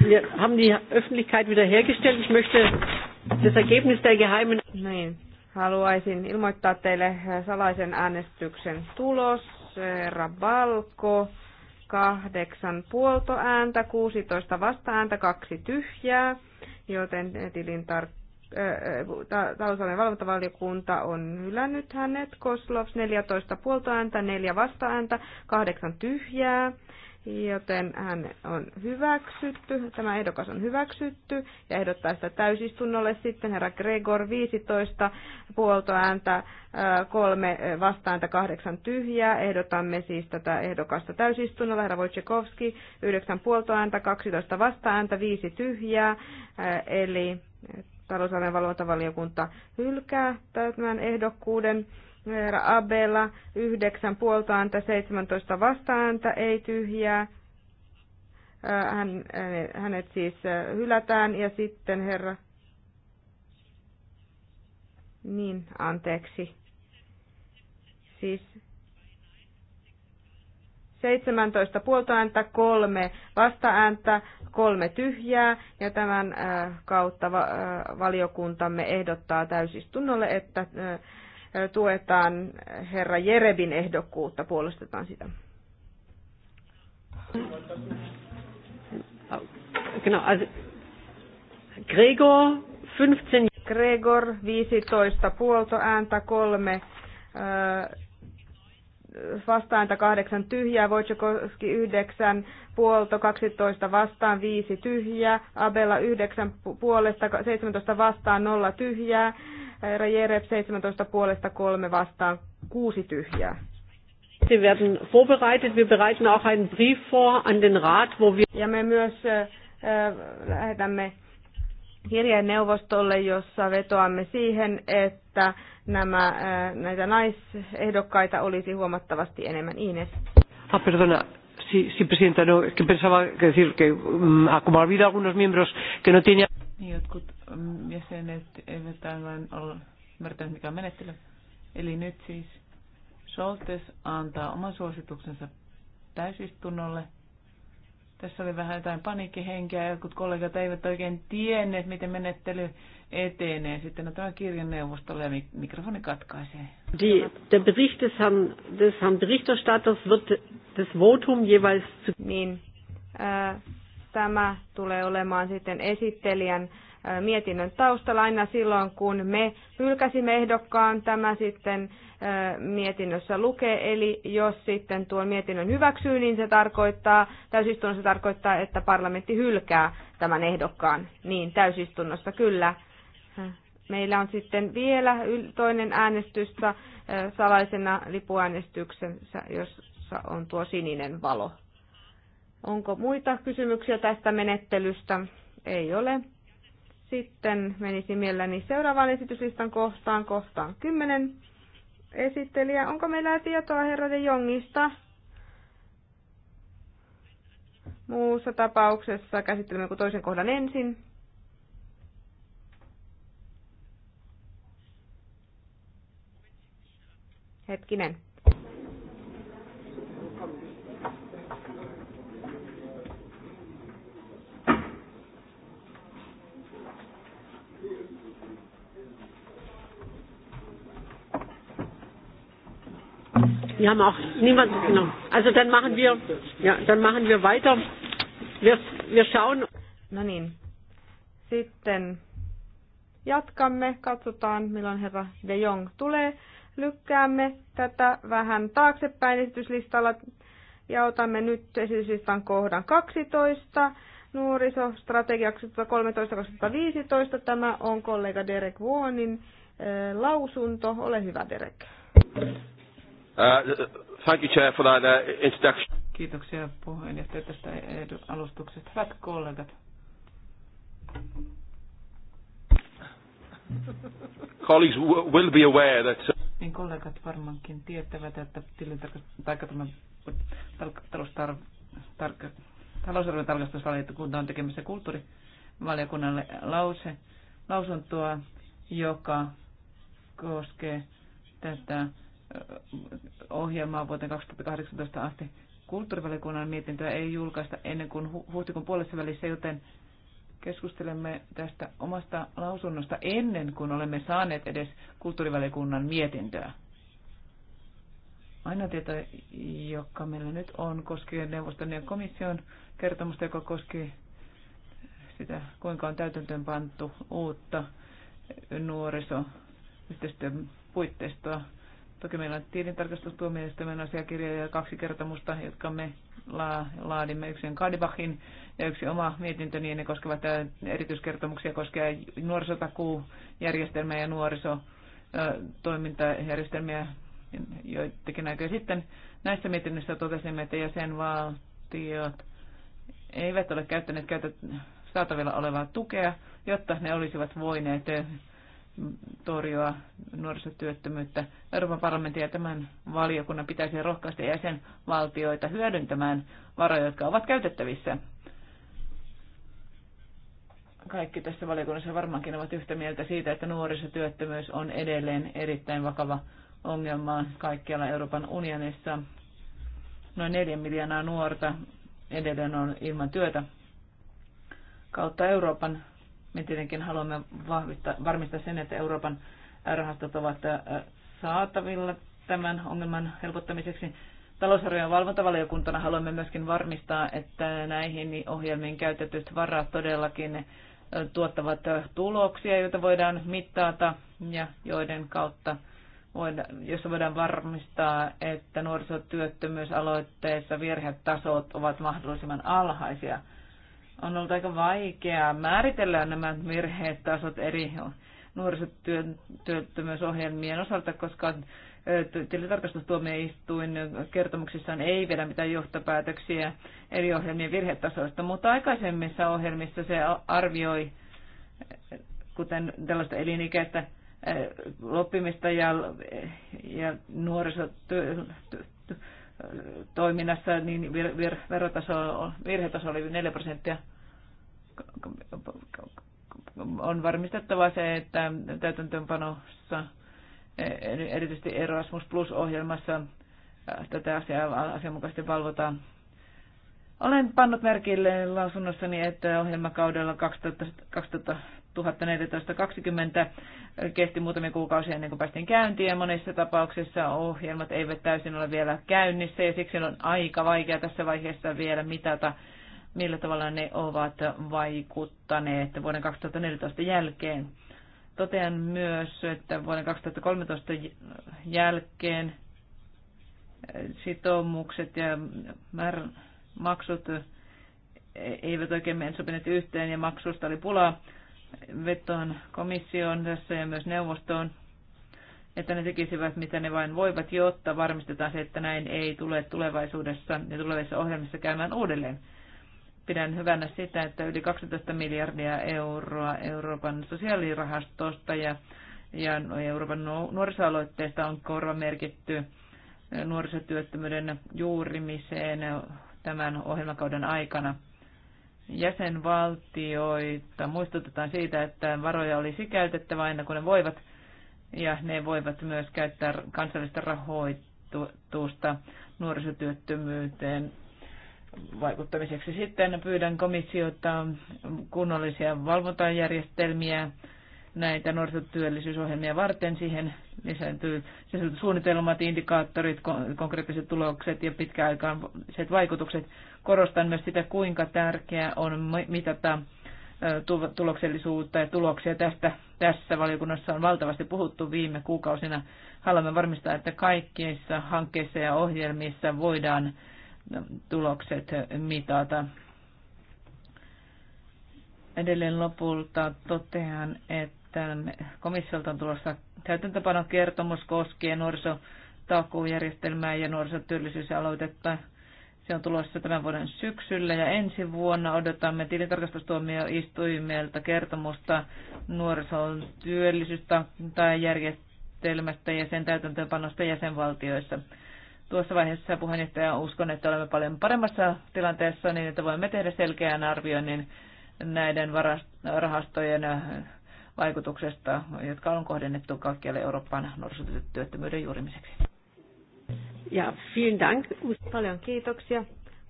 Wir haben die Öffentlichkeit wiederhergestellt. Ich möchte das Ergebnis der geheimen... Nein. Haluaisin ilmoittaa teille äh, salaisen äänestyksen tulos. Rabalko, kahdeksan puolto puoltoääntä, 16 ääntä, kaksi tyhjää, joten tilin tar- talousalueen valvontavaliokunta on hylännyt hänet. Koslovs 14 puoltoääntä, 4 ääntä, 8 tyhjää joten hän on hyväksytty, tämä ehdokas on hyväksytty ja ehdottaa sitä täysistunnolle sitten herra Gregor 15 puolta ääntä, kolme vastaanta, kahdeksan tyhjää. Ehdotamme siis tätä ehdokasta täysistunnolla. Herra Wojciechowski yhdeksän puolta ääntä, 12 vastaääntä, viisi tyhjää. Eli talousarvojen valvontavaliokunta hylkää tämän ehdokkuuden. Herra Abela, yhdeksän puolta ääntä, 17 ääntä, ei tyhjää. Hän, hänet siis hylätään ja sitten herra... Niin, anteeksi. Siis 17 puoltoääntä, kolme ääntä, kolme tyhjää ja tämän kautta valiokuntamme ehdottaa täysistunnolle, että tuetaan herra Jerebin ehdokkuutta, puolustetaan sitä. Gregor 15. Gregor 15 puolto ääntä, kolme vastaääntä kahdeksan tyhjää, Wojciechowski yhdeksän, Puolto 12 vastaan, viisi tyhjää, Abella yhdeksän puolesta, 17 vastaan, nolla tyhjää, Rajerep 17 puolesta kolme vastaan kuusi tyhjää. Sie werden vorbereitet. Wir bereiten auch einen Brief vor an den Rat, wo wir ja me myös äh, lähetämme kirjeen neuvostolle, jossa vetoamme siihen, että nämä, äh, näitä naisehdokkaita olisi huomattavasti enemmän. Ines. Ah, perdona. Si, si presidenta, no, es que pensaba que decir que mm, um, como ha habido algunos miembros que no tenían... Jotkut jäsenet eivät aivan ole ymmärtäneet, mikä on menettely. Eli nyt siis Soltes antaa oman suosituksensa täysistunnolle. Tässä oli vähän jotain paniikkihenkeä. Jotkut kollegat eivät oikein tienneet, miten menettely etenee. Sitten otetaan kirjan neuvostolle ja mikrofoni katkaisee. Die, der Bericht des Herrn, des Herrn Berichterstatters wird das Votum jeweils zu... Niin, äh, tämä tulee olemaan sitten esittelijän äh, mietinnön taustalla aina silloin, kun me hylkäsimme ehdokkaan. Tämä sitten mietinnössä lukee, eli jos sitten tuon mietinnön hyväksyy, niin se tarkoittaa, täysistunnossa tarkoittaa, että parlamentti hylkää tämän ehdokkaan. Niin, täysistunnossa kyllä. Meillä on sitten vielä toinen äänestyssä salaisena lipuäänestyksessä, jossa on tuo sininen valo. Onko muita kysymyksiä tästä menettelystä? Ei ole. Sitten menisin mielelläni seuraavaan esityslistan kohtaan, kohtaan 10. Esittelijä, onko meillä tietoa herra de Jongista? Muussa tapauksessa käsittelemme kuin toisen kohdan ensin. Hetkinen. Die haben auch niemand genommen. Also dann machen wir, ja, dann machen wir weiter. Wir, wir schauen. No niin. Sitten jatkamme, katsotaan milloin herra De Jong tulee. Lykkäämme tätä vähän taaksepäin esityslistalla ja otamme nyt esityslistan kohdan 12. Nuorisostrategia 2013-2015. Tämä on kollega Derek Vuonin äh, lausunto. Ole hyvä, Derek. Uh, thank you, Chair, for that uh, introduction. Kiitoksia puheenjohtaja tästä alustuksesta. Hyvät kollegat. Colleagues will be aware that... Uh, niin kollegat varmaankin tietävät, että talousarvion tarkastusvaliokunta on tekemässä kulttuurivaliokunnalle lause, lausuntoa, joka koskee tätä ohjelmaa vuoteen 2018 asti. Kulttuurivaliokunnan mietintöä ei julkaista ennen kuin huhtikuun puolessa välissä, joten keskustelemme tästä omasta lausunnosta ennen kuin olemme saaneet edes kulttuurivaliokunnan mietintöä. Aina tieto, joka meillä nyt on, koskee neuvoston ja komission kertomusta, joka koskee sitä, kuinka on täytäntöön pantu uutta yhteistyön puitteistoa Toki meillä on tiedintarkastustuomioistuimen asiakirjoja ja kaksi kertomusta, jotka me laadimme. Yksi on Kadibachin ja yksi oma mietintöni, niin ne koskevat erityiskertomuksia koskee nuorisotakuujärjestelmää ja nuorisotoimintajärjestelmiä joitakin aikoja sitten. Näissä mietinnöissä totesimme, että jäsenvaltiot eivät ole käyttäneet käytet- saatavilla olevaa tukea, jotta ne olisivat voineet torjua nuorisotyöttömyyttä. Euroopan parlamentin ja tämän valiokunnan pitäisi rohkaista jäsenvaltioita hyödyntämään varoja, jotka ovat käytettävissä. Kaikki tässä valiokunnassa varmaankin ovat yhtä mieltä siitä, että nuorisotyöttömyys on edelleen erittäin vakava ongelma kaikkialla Euroopan unionissa. Noin neljä miljoonaa nuorta edelleen on ilman työtä kautta Euroopan me tietenkin haluamme vahvistaa, varmistaa sen, että Euroopan rahastot ovat äh, saatavilla tämän ongelman helpottamiseksi. Talousarvion valvontavaliokuntana haluamme myöskin varmistaa, että näihin ohjelmiin käytetyt varat todellakin äh, tuottavat äh, tuloksia, joita voidaan mittaata ja joiden kautta voida, jossa voidaan varmistaa, että nuorisotyöttömyysaloitteessa virhetasot ovat mahdollisimman alhaisia on ollut aika vaikeaa määritellä nämä tasot eri nuorisotyöttömyysohjelmien osalta, koska tilintarkastustuomioistuin kertomuksissaan ei vedä mitään johtopäätöksiä eri ohjelmien virhetasoista, mutta aikaisemmissa ohjelmissa se arvioi, kuten tällaista elinikäistä loppimista ja, ja nuorisotoiminnassa, niin vir, vir, verotaso, virhetaso oli 4 prosenttia on varmistettava se, että täytäntöönpanossa, erityisesti Erasmus Plus-ohjelmassa, tätä asiaa asianmukaisesti valvotaan. Olen pannut merkille lausunnossani, että ohjelmakaudella 2014-2020 kesti muutamia kuukausia ennen kuin päästiin käyntiin ja monissa tapauksissa ohjelmat eivät täysin ole vielä käynnissä ja siksi on aika vaikea tässä vaiheessa vielä mitata millä tavalla ne ovat vaikuttaneet vuoden 2014 jälkeen. Totean myös, että vuoden 2013 jälkeen sitoumukset ja maksut eivät oikein sopineet yhteen ja maksusta oli pulaa vetoon komissioon tässä ja myös neuvostoon, että ne tekisivät mitä ne vain voivat, jotta varmistetaan se, että näin ei tule tulevaisuudessa ja tulevissa ohjelmissa käymään uudelleen. Pidän hyvänä sitä, että yli 12 miljardia euroa Euroopan sosiaalirahastosta ja, ja no, Euroopan nuorisoaloitteesta on korvamerkitty nuorisotyöttömyyden juurimiseen tämän ohjelmakauden aikana jäsenvaltioita. Muistutetaan siitä, että varoja olisi käytettävä aina kun ne voivat, ja ne voivat myös käyttää kansallista rahoitusta nuorisotyöttömyyteen vaikuttamiseksi. Sitten pyydän komissiota kunnollisia valvontajärjestelmiä näitä nuorisotyöllisyysohjelmia varten. Siihen lisääntyy suunnitelmat, indikaattorit, konkreettiset tulokset ja pitkäaikaiset vaikutukset. Korostan myös sitä, kuinka tärkeää on mitata tuloksellisuutta ja tuloksia tästä. Tässä valiokunnassa on valtavasti puhuttu viime kuukausina. Haluamme varmistaa, että kaikkeissa hankkeissa ja ohjelmissa voidaan tulokset mitata. Edelleen lopulta totean, että komissiolta on tulossa kertomus koskien nuorisotakuujärjestelmää ja nuorisotyöllisyysaloitetta. Se on tulossa tämän vuoden syksyllä ja ensi vuonna odotamme tilintarkastustuomioistuimelta kertomusta nuorison työllisyystä tai järjestelmästä ja sen täytäntöönpanosta jäsenvaltioissa tuossa vaiheessa puheenjohtaja uskon, että olemme paljon paremmassa tilanteessa niin, että voimme tehdä selkeän arvioinnin näiden rahastojen vaikutuksesta, jotka on kohdennettu kaikkialle Euroopan nuorisotyöttömyyden juurimiseksi. Ja vielen dank. Paljon kiitoksia.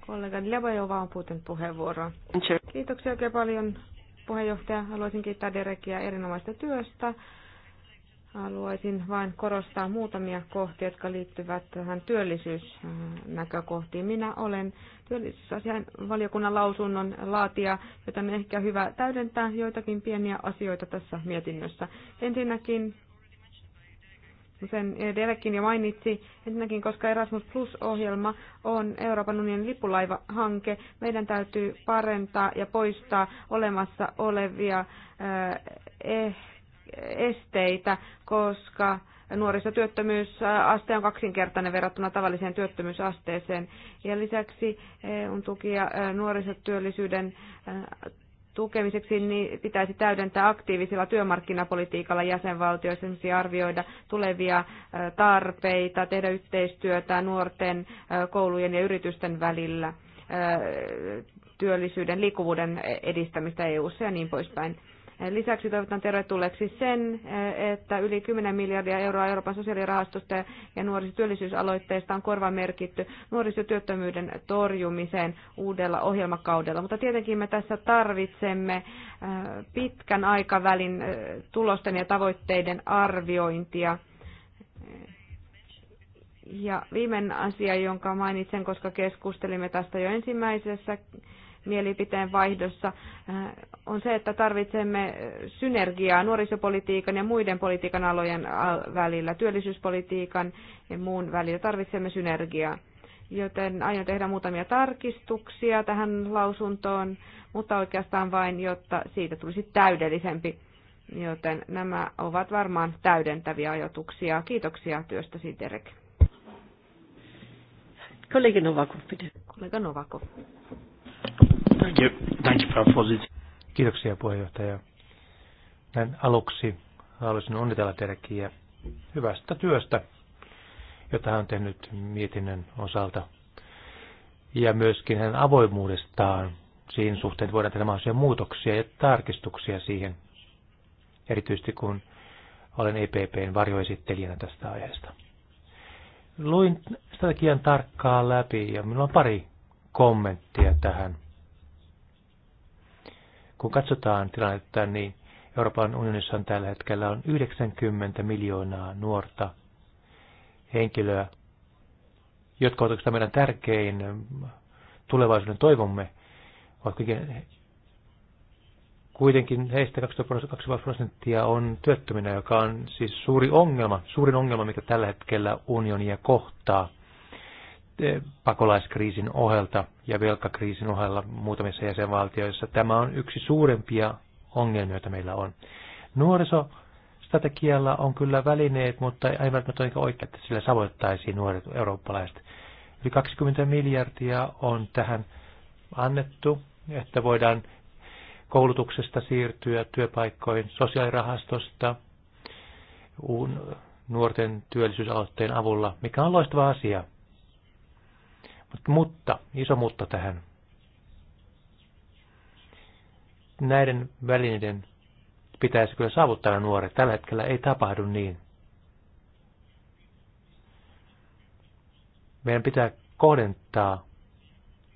Kollega Lebajova on puuten puheenvuoro. Kiitoksia oikein paljon puheenjohtaja. Haluaisin kiittää Derekia erinomaista työstä. Haluaisin vain korostaa muutamia kohtia, jotka liittyvät tähän työllisyysnäkökohtiin. Minä olen työllisyysasian valiokunnan lausunnon laatija, joten on ehkä hyvä täydentää joitakin pieniä asioita tässä mietinnössä. Ensinnäkin sen Devekin jo mainitsi, ensinnäkin koska Erasmus Plus-ohjelma on Euroopan unionin lippulaivahanke, meidän täytyy parentaa ja poistaa olemassa olevia eh, esteitä, koska nuorisotyöttömyysaste on kaksinkertainen verrattuna tavalliseen työttömyysasteeseen. Ja lisäksi on e tukia nuorisotyöllisyyden tukemiseksi niin pitäisi täydentää aktiivisella työmarkkinapolitiikalla jäsenvaltioissa, esimerkiksi arvioida tulevia tarpeita, tehdä yhteistyötä nuorten koulujen ja yritysten välillä, työllisyyden, liikkuvuuden edistämistä EU-ssa ja niin poispäin. Lisäksi toivotan tervetulleeksi sen, että yli 10 miljardia euroa Euroopan sosiaalirahastosta ja nuorisotyöllisyysaloitteesta on korvamerkitty nuorisotyöttömyyden torjumiseen uudella ohjelmakaudella. Mutta tietenkin me tässä tarvitsemme äh, pitkän aikavälin äh, tulosten ja tavoitteiden arviointia. Ja viimeinen asia, jonka mainitsen, koska keskustelimme tästä jo ensimmäisessä mielipiteen vaihdossa, äh, on se, että tarvitsemme synergiaa nuorisopolitiikan ja muiden politiikan alojen välillä, työllisyyspolitiikan ja muun välillä tarvitsemme synergiaa. Joten aion tehdä muutamia tarkistuksia tähän lausuntoon, mutta oikeastaan vain, jotta siitä tulisi täydellisempi. Joten nämä ovat varmaan täydentäviä ajatuksia. Kiitoksia työstäsi, Derek. Kollega Novakov, Kollega Novakov. Thank you. Thank you, Kiitoksia puheenjohtaja. Näin aluksi haluaisin onnitella teidäkin hyvästä työstä, jota hän on tehnyt mietinnön osalta. Ja myöskin hänen avoimuudestaan siihen suhteen, että voidaan tehdä mahdollisia muutoksia ja tarkistuksia siihen, erityisesti kun olen EPPn varjoesittelijänä tästä aiheesta. Luin strategian tarkkaan läpi ja minulla on pari kommenttia tähän. Kun katsotaan tilannetta, niin Euroopan unionissa on tällä hetkellä on 90 miljoonaa nuorta henkilöä, jotka ovat oikeastaan meidän tärkein tulevaisuuden toivomme, vaikka kuitenkin heistä 22 prosenttia on työttöminä, joka on siis suuri ongelma, suurin ongelma, mikä tällä hetkellä unionia kohtaa – pakolaiskriisin ohelta ja velkakriisin ohella muutamissa jäsenvaltioissa. Tämä on yksi suurempia ongelmia, joita meillä on. Nuorisostrategialla on kyllä välineet, mutta ei välttämättä ole oikein, että sillä savoittaisiin nuoret eurooppalaiset. Yli 20 miljardia on tähän annettu, että voidaan koulutuksesta siirtyä työpaikkoihin, sosiaalirahastosta, nuorten työllisyysaloitteen avulla, mikä on loistava asia. Mutta, iso mutta tähän. Näiden välineiden pitäisi kyllä saavuttaa nuoret. Tällä hetkellä ei tapahdu niin. Meidän pitää kohdentaa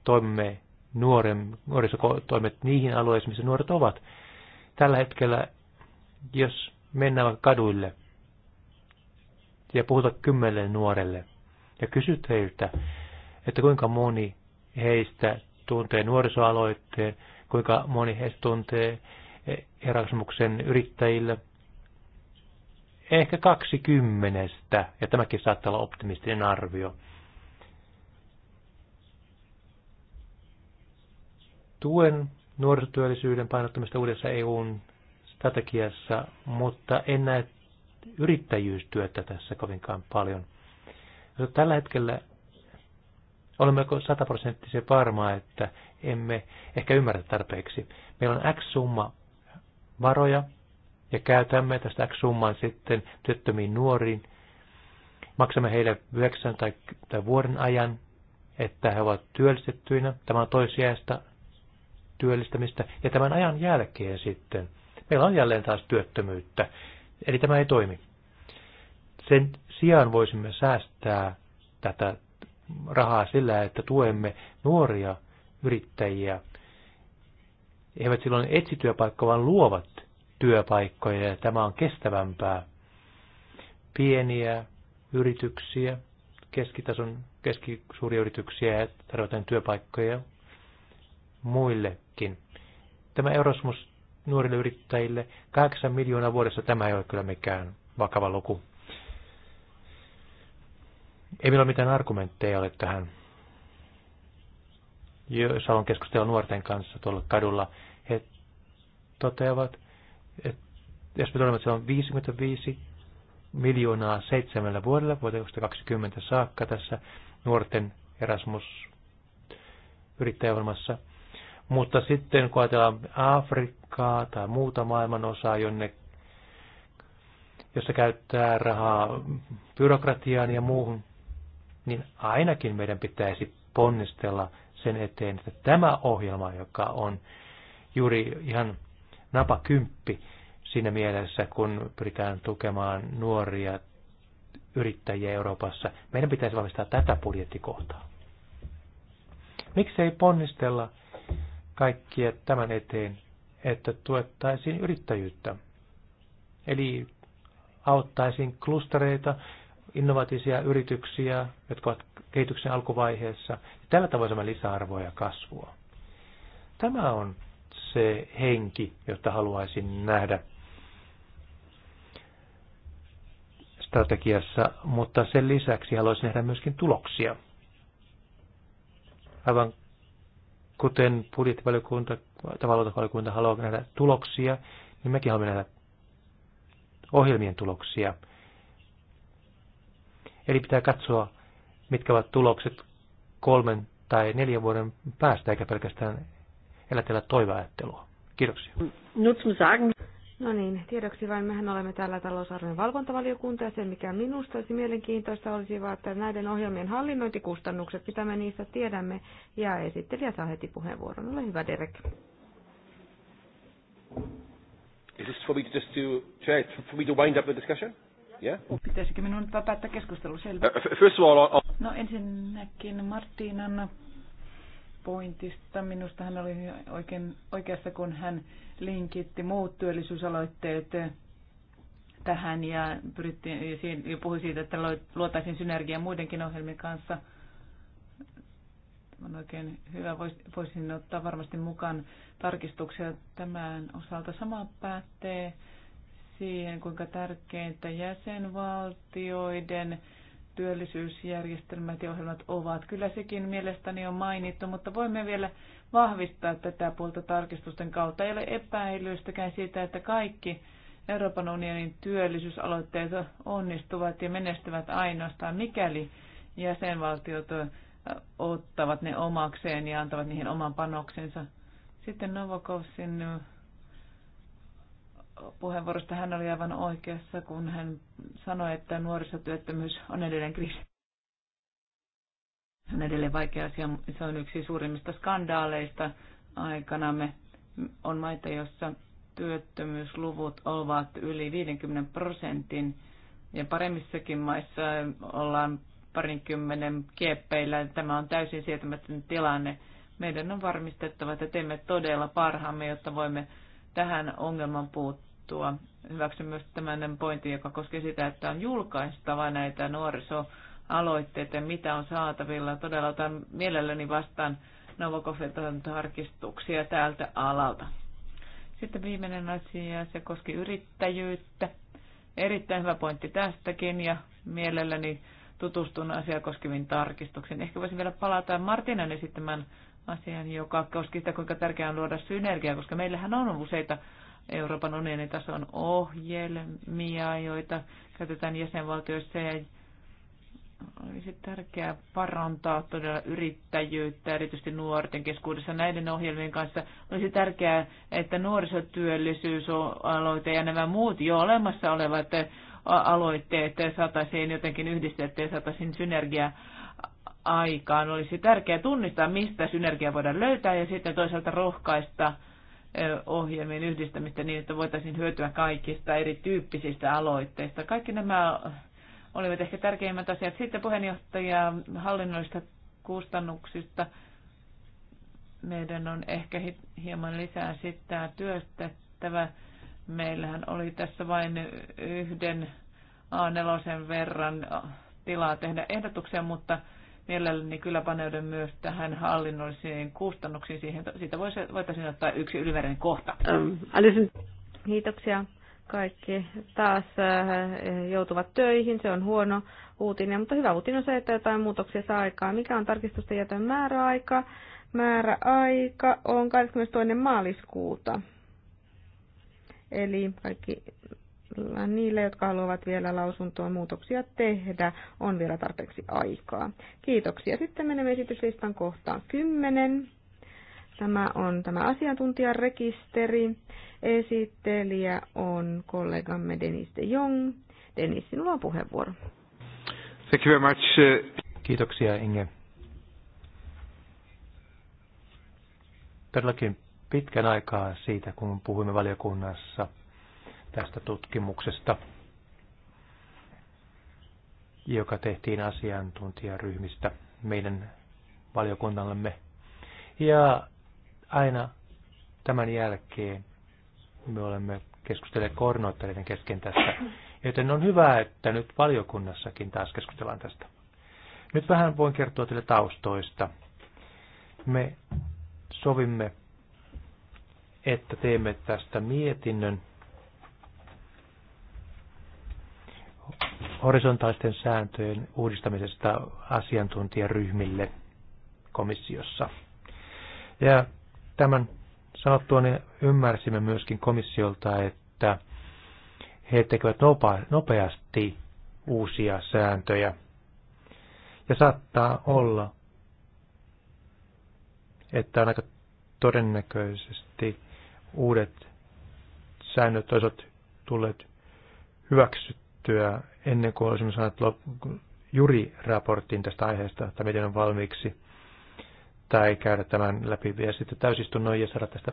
toimme nuoren, nuorisotoimet niihin alueisiin, missä nuoret ovat. Tällä hetkellä, jos mennään vaikka kaduille ja puhutaan kymmenelle nuorelle ja kysyt heiltä, että kuinka moni heistä tuntee nuorisoaloitteen, kuinka moni heistä tuntee eh, Erasmuksen yrittäjille. Ehkä kaksi kymmenestä, ja tämäkin saattaa olla optimistinen arvio. Tuen nuorisotyöllisyyden painottamista uudessa EUn strategiassa, mutta en näe yrittäjyystyötä tässä kovinkaan paljon. Tällä hetkellä Olemmeko sataprosenttisen varmaa, että emme ehkä ymmärrä tarpeeksi? Meillä on X summa varoja ja käytämme tästä X summan sitten työttömiin nuoriin. Maksamme heille 9 tai, tai vuoden ajan, että he ovat työllistettyinä. Tämä on toisiaista työllistämistä ja tämän ajan jälkeen sitten meillä on jälleen taas työttömyyttä. Eli tämä ei toimi. Sen sijaan voisimme säästää tätä rahaa sillä, että tuemme nuoria yrittäjiä. He eivät silloin etsi työpaikkoja, vaan luovat työpaikkoja ja tämä on kestävämpää. Pieniä yrityksiä, keskitason, keskisuuria yrityksiä ja tarvitaan työpaikkoja muillekin. Tämä Erasmus nuorille yrittäjille, 8 miljoonaa vuodessa, tämä ei ole kyllä mikään vakava luku. Ei meillä mitään argumentteja ole tähän. Jos haluan keskustella nuorten kanssa tuolla kadulla, he toteavat, että jos me tulemme, että se on 55 miljoonaa seitsemällä vuodella vuoteen 2020 saakka tässä nuorten Erasmus yrittäjäohjelmassa. Mutta sitten kun ajatellaan Afrikkaa tai muuta maailman osaa, jonne, jossa käyttää rahaa byrokratiaan ja muuhun, niin ainakin meidän pitäisi ponnistella sen eteen, että tämä ohjelma, joka on juuri ihan napakymppi siinä mielessä, kun pyritään tukemaan nuoria yrittäjiä Euroopassa, meidän pitäisi vahvistaa tätä budjettikohtaa. ei ponnistella kaikkia tämän eteen, että tuettaisiin yrittäjyyttä? Eli auttaisiin klustereita, innovatiivisia yrityksiä, jotka ovat kehityksen alkuvaiheessa. Ja tällä tavoin saamme lisäarvoa ja kasvua. Tämä on se henki, jota haluaisin nähdä strategiassa, mutta sen lisäksi haluaisin nähdä myöskin tuloksia. Aivan kuten budjettivaliokunta tai valvontavaliokunta haluaa nähdä tuloksia, niin mekin haluamme nähdä ohjelmien tuloksia. Eli pitää katsoa, mitkä ovat tulokset kolmen tai neljän vuoden päästä, eikä pelkästään elätellä toiveajattelua. Kiitoksia. No niin, tiedoksi vain mehän olemme täällä talousarvion valvontavaliokunta ja se mikä minusta olisi mielenkiintoista olisi vaan, että näiden ohjelmien hallinnointikustannukset, mitä me niistä tiedämme, ja esittelijä saa heti puheenvuoron. Ole hyvä Derek. Is this for me to just to, for me to wind up the discussion? Yeah? Oh, pitäisikö minun nyt vaan päättää keskustelu? Selvä. First of all, No ensinnäkin Martinan pointista. Minusta hän oli oikein, oikeassa, kun hän linkitti muut työllisyysaloitteet tähän ja, pyrittiin, ja puhui siitä, että luotaisiin synergiaa muidenkin ohjelmien kanssa. On oikein hyvä. Voisin ottaa varmasti mukaan tarkistuksia tämän osalta. Sama päättee siihen, kuinka tärkeintä jäsenvaltioiden työllisyysjärjestelmät ja ohjelmat ovat. Kyllä sekin mielestäni on mainittu, mutta voimme vielä vahvistaa tätä puolta tarkistusten kautta. Ei ole epäilystäkään siitä, että kaikki Euroopan unionin työllisyysaloitteet onnistuvat ja menestyvät ainoastaan, mikäli jäsenvaltiot ottavat ne omakseen ja antavat niihin oman panoksensa. Sitten novokovsin puheenvuorosta. Hän oli aivan oikeassa, kun hän sanoi, että nuorisotyöttömyys on edelleen kriisi. Se on edelleen vaikea asia. Se on yksi suurimmista skandaaleista aikanamme. On maita, joissa työttömyysluvut ovat yli 50 prosentin ja paremmissakin maissa ollaan parinkymmenen kieppeillä. Tämä on täysin sietämätön tilanne. Meidän on varmistettava, että teemme todella parhaamme, jotta voimme tähän ongelman puuttua. Hyväksyn myös tämän pointin, joka koskee sitä, että on julkaistava näitä nuorisoaloitteita, mitä on saatavilla. Todella otan mielelläni vastaan Novokofetan tarkistuksia täältä alalta. Sitten viimeinen asia, se koski yrittäjyyttä. Erittäin hyvä pointti tästäkin ja mielelläni tutustun asiaa koskeviin tarkistuksiin. Ehkä voisin vielä palata Martinan esittämään asian, joka koski sitä, kuinka tärkeää on luoda synergiaa, koska meillähän on useita Euroopan unionin tason ohjelmia, joita käytetään jäsenvaltioissa ja olisi tärkeää parantaa todella yrittäjyyttä, erityisesti nuorten keskuudessa näiden ohjelmien kanssa. Olisi tärkeää, että nuorisotyöllisyysaloite ja nämä muut jo olemassa olevat aloitteet saataisiin jotenkin yhdistettyä ja saataisiin synergiaa aikaan. Olisi tärkeää tunnistaa, mistä synergia voidaan löytää ja sitten toisaalta rohkaista ohjelmien yhdistämistä niin, että voitaisiin hyötyä kaikista erityyppisistä aloitteista. Kaikki nämä olivat ehkä tärkeimmät asiat. Sitten puheenjohtaja hallinnollista kustannuksista. Meidän on ehkä hieman lisää sitä työstettävä. Meillähän oli tässä vain yhden A4 verran tilaa tehdä ehdotuksia, mutta mielelläni kyllä paneudun myös tähän hallinnollisiin kustannuksiin. Siihen, siitä voisi, voitaisiin ottaa yksi ylimääräinen kohta. Ähm, Kiitoksia. Kaikki taas äh, joutuvat töihin, se on huono uutinen, mutta hyvä uutinen on se, että jotain muutoksia saa aikaa. Mikä on tarkistusten jätön määräaika? Määräaika on 22. maaliskuuta. Eli kaikki niille, jotka haluavat vielä lausuntoon muutoksia tehdä, on vielä tarpeeksi aikaa. Kiitoksia. Sitten menemme esityslistan kohtaan 10. Tämä on tämä asiantuntijarekisteri. Esittelijä on kollegamme Denis de Jong. Denis, sinulla on puheenvuoro. Thank you very much. Uh, Kiitoksia Inge. Todellakin pitkän aikaa siitä, kun puhuimme valiokunnassa – tästä tutkimuksesta, joka tehtiin asiantuntijaryhmistä meidän valiokunnallemme. Ja aina tämän jälkeen me olemme keskustelleet koordinoittajien kesken tästä, joten on hyvä, että nyt valiokunnassakin taas keskustellaan tästä. Nyt vähän voin kertoa teille taustoista. Me sovimme, että teemme tästä mietinnön horisontaalisten sääntöjen uudistamisesta asiantuntijaryhmille komissiossa. Ja tämän sanottua niin ymmärsimme myöskin komissiolta, että he tekevät nopeasti uusia sääntöjä. Ja saattaa olla, että on aika todennäköisesti uudet säännöt olisivat tulleet hyväksyt tehtyä ennen kuin olisimme saaneet juriraportin tästä aiheesta, että miten on valmiiksi, tai käydä tämän läpi vielä sitten täysistunnon ja saada tästä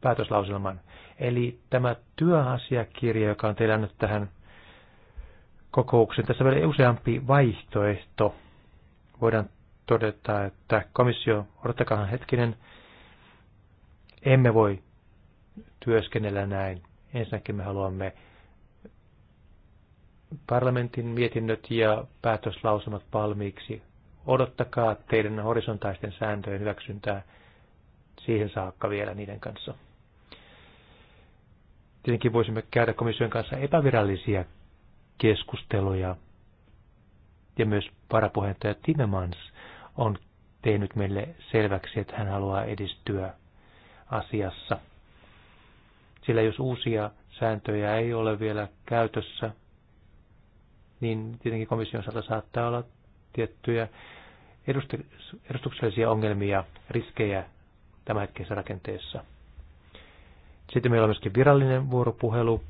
päätöslauselman. Eli tämä työasiakirja, joka on teillä nyt tähän kokoukseen, tässä on vielä useampi vaihtoehto. Voidaan todeta, että komissio, odottakaa hetkinen, emme voi työskennellä näin. Ensinnäkin me haluamme parlamentin mietinnöt ja päätöslausumat valmiiksi. Odottakaa teidän horisontaisten sääntöjen hyväksyntää siihen saakka vielä niiden kanssa. Tietenkin voisimme käydä komission kanssa epävirallisia keskusteluja. Ja myös varapuheenjohtaja Timmermans on tehnyt meille selväksi, että hän haluaa edistyä asiassa. Sillä jos uusia sääntöjä ei ole vielä käytössä, niin tietenkin komission osalta saattaa olla tiettyjä edustuksellisia ongelmia, riskejä tämän hetkessä rakenteessa. Sitten meillä on myöskin virallinen vuoropuhelu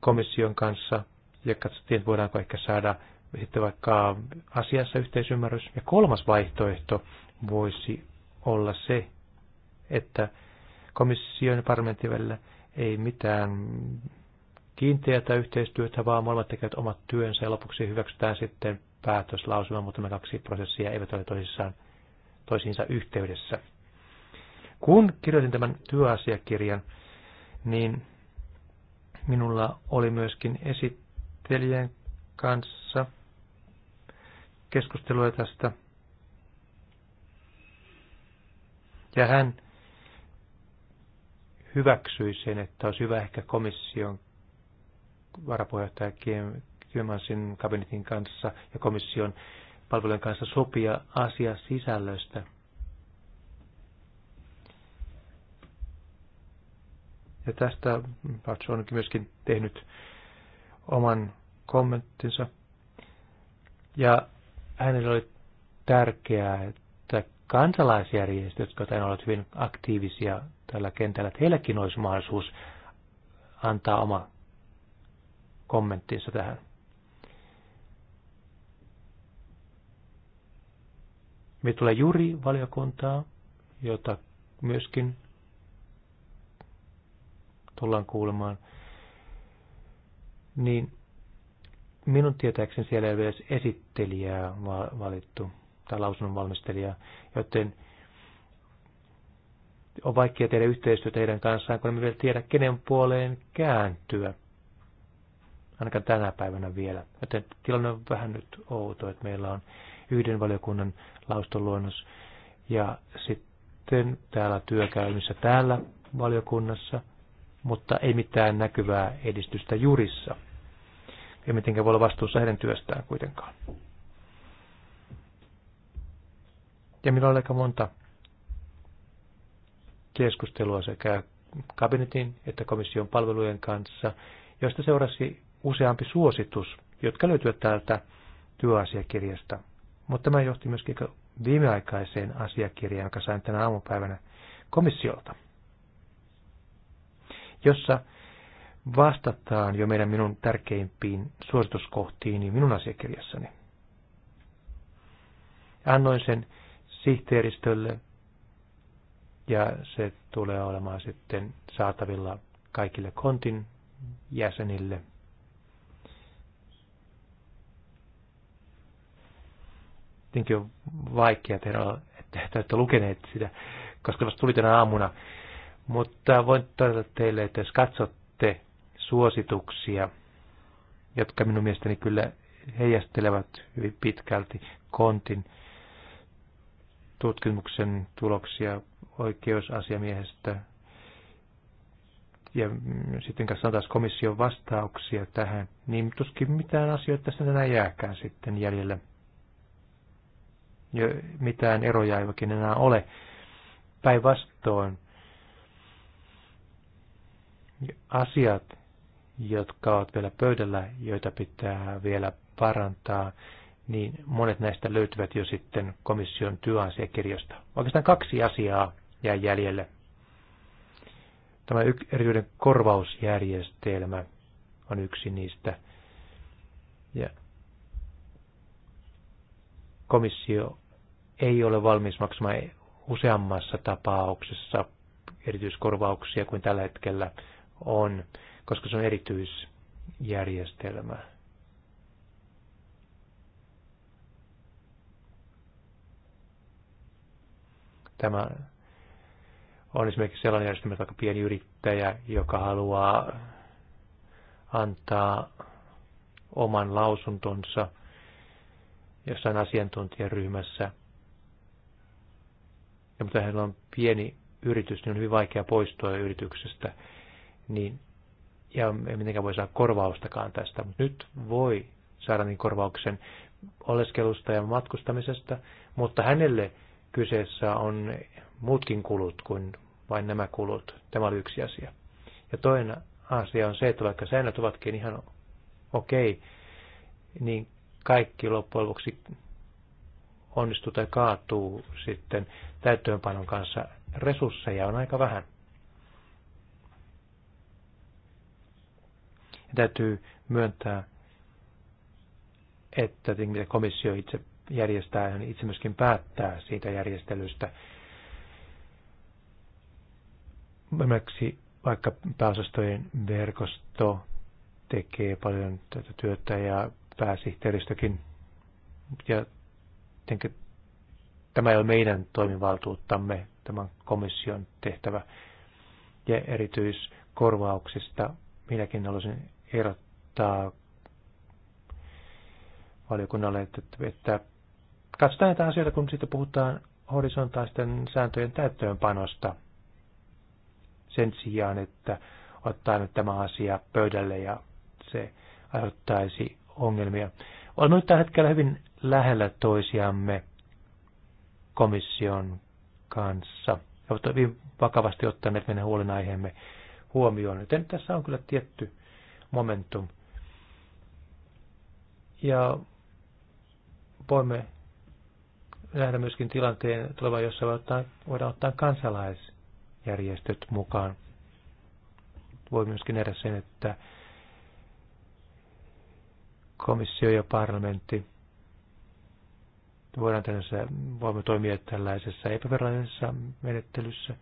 komission kanssa ja katsottiin, että voidaanko ehkä saada sitten vaikka asiassa yhteisymmärrys. Ja kolmas vaihtoehto voisi olla se, että komission ja parlamentin välillä ei mitään kiinteätä yhteistyötä, vaan molemmat tekevät omat työnsä ja lopuksi hyväksytään sitten päätöslausuma, mutta nämä kaksi prosessia eivät ole toisissaan, toisiinsa yhteydessä. Kun kirjoitin tämän työasiakirjan, niin minulla oli myöskin esittelijän kanssa keskustelua tästä. Ja hän hyväksyi sen, että olisi hyvä ehkä komission varapuheenjohtaja Kymansin kabinetin kanssa ja komission palvelujen kanssa sopia asia sisällöstä. Ja tästä Patso on myöskin tehnyt oman kommenttinsa. Ja hänellä oli tärkeää, että kansalaisjärjestöt, jotka aina ovat hyvin aktiivisia tällä kentällä, että heilläkin olisi mahdollisuus antaa oma kommenttinsa tähän. Me tulee juuri valiokuntaa, jota myöskin tullaan kuulemaan. Niin minun tietääkseni siellä ei ole edes esittelijää valittu tai lausunnonvalmistelijaa, joten on vaikea tehdä yhteistyötä heidän kanssaan, kun emme vielä tiedä, kenen puoleen kääntyä ainakaan tänä päivänä vielä. Joten tilanne on vähän nyt outo, että meillä on yhden valiokunnan laustoluonnos ja sitten täällä työkäymissä täällä valiokunnassa, mutta ei mitään näkyvää edistystä jurissa. Ei mitenkään voi olla vastuussa heidän työstään kuitenkaan. Ja meillä on aika monta keskustelua sekä kabinetin että komission palvelujen kanssa, josta seurasi useampi suositus, jotka löytyvät täältä työasiakirjasta. Mutta tämä johti myöskin viimeaikaiseen asiakirjaan, joka sain tänä aamupäivänä komissiolta, jossa vastataan jo meidän minun tärkeimpiin suosituskohtiini niin minun asiakirjassani. Annoin sen sihteeristölle ja se tulee olemaan sitten saatavilla kaikille kontin jäsenille – tietenkin on vaikea tehdä, että te olette lukeneet sitä, koska vasta tuli tänä aamuna. Mutta voin todeta teille, että jos katsotte suosituksia, jotka minun mielestäni kyllä heijastelevat hyvin pitkälti Kontin tutkimuksen tuloksia oikeusasiamiehestä, ja sitten kanssa taas komission vastauksia tähän, niin tuskin mitään asioita tässä tänään jääkään sitten jäljelle ja mitään eroja ei oikein enää ole. Päinvastoin asiat, jotka ovat vielä pöydällä, joita pitää vielä parantaa, niin monet näistä löytyvät jo sitten komission työasiakirjasta. Oikeastaan kaksi asiaa jää jäljelle. Tämä erityinen korvausjärjestelmä on yksi niistä. Ja komissio ei ole valmis maksamaan useammassa tapauksessa erityiskorvauksia kuin tällä hetkellä on, koska se on erityisjärjestelmä. Tämä on esimerkiksi sellainen järjestelmä, vaikka pieni yrittäjä, joka haluaa antaa oman lausuntonsa jossain asiantuntijaryhmässä – ja mutta heillä on pieni yritys, niin on hyvin vaikea poistua yrityksestä. Niin, ja ei mitenkään voi saada korvaustakaan tästä, mutta nyt voi saada niin korvauksen oleskelusta ja matkustamisesta, mutta hänelle kyseessä on muutkin kulut kuin vain nämä kulut. Tämä oli yksi asia. Ja toinen asia on se, että vaikka säännöt ovatkin ihan okei, okay, niin kaikki loppujen lopuksi onnistuu tai kaatuu sitten täyttöönpanon kanssa. Resursseja on aika vähän. Ja täytyy myöntää, että mitä komissio itse järjestää, hän itse myöskin päättää siitä järjestelystä. Esimerkiksi vaikka pääosastojen verkosto tekee paljon tätä työtä ja pääsihteeristökin ja tämä ei ole meidän toimivaltuuttamme, tämän komission tehtävä. Ja erityiskorvauksista minäkin haluaisin erottaa valiokunnalle, että, että katsotaan näitä asioita, kun siitä puhutaan horisontaisten sääntöjen täyttöönpanosta sen sijaan, että ottaa nyt tämä asia pöydälle ja se aiheuttaisi ongelmia. Olemme nyt tällä hetkellä hyvin lähellä toisiamme komission kanssa. He ovat hyvin vakavasti ottaneet meidän huolenaiheemme huomioon, joten tässä on kyllä tietty momentum. Ja voimme nähdä myöskin tilanteen tulevan, jossa voidaan ottaa kansalaisjärjestöt mukaan. Voi myöskin nähdä sen, että komissio ja parlamentti voidaan tällaisessa, voimme toimia tällaisessa epävirallisessa menettelyssä.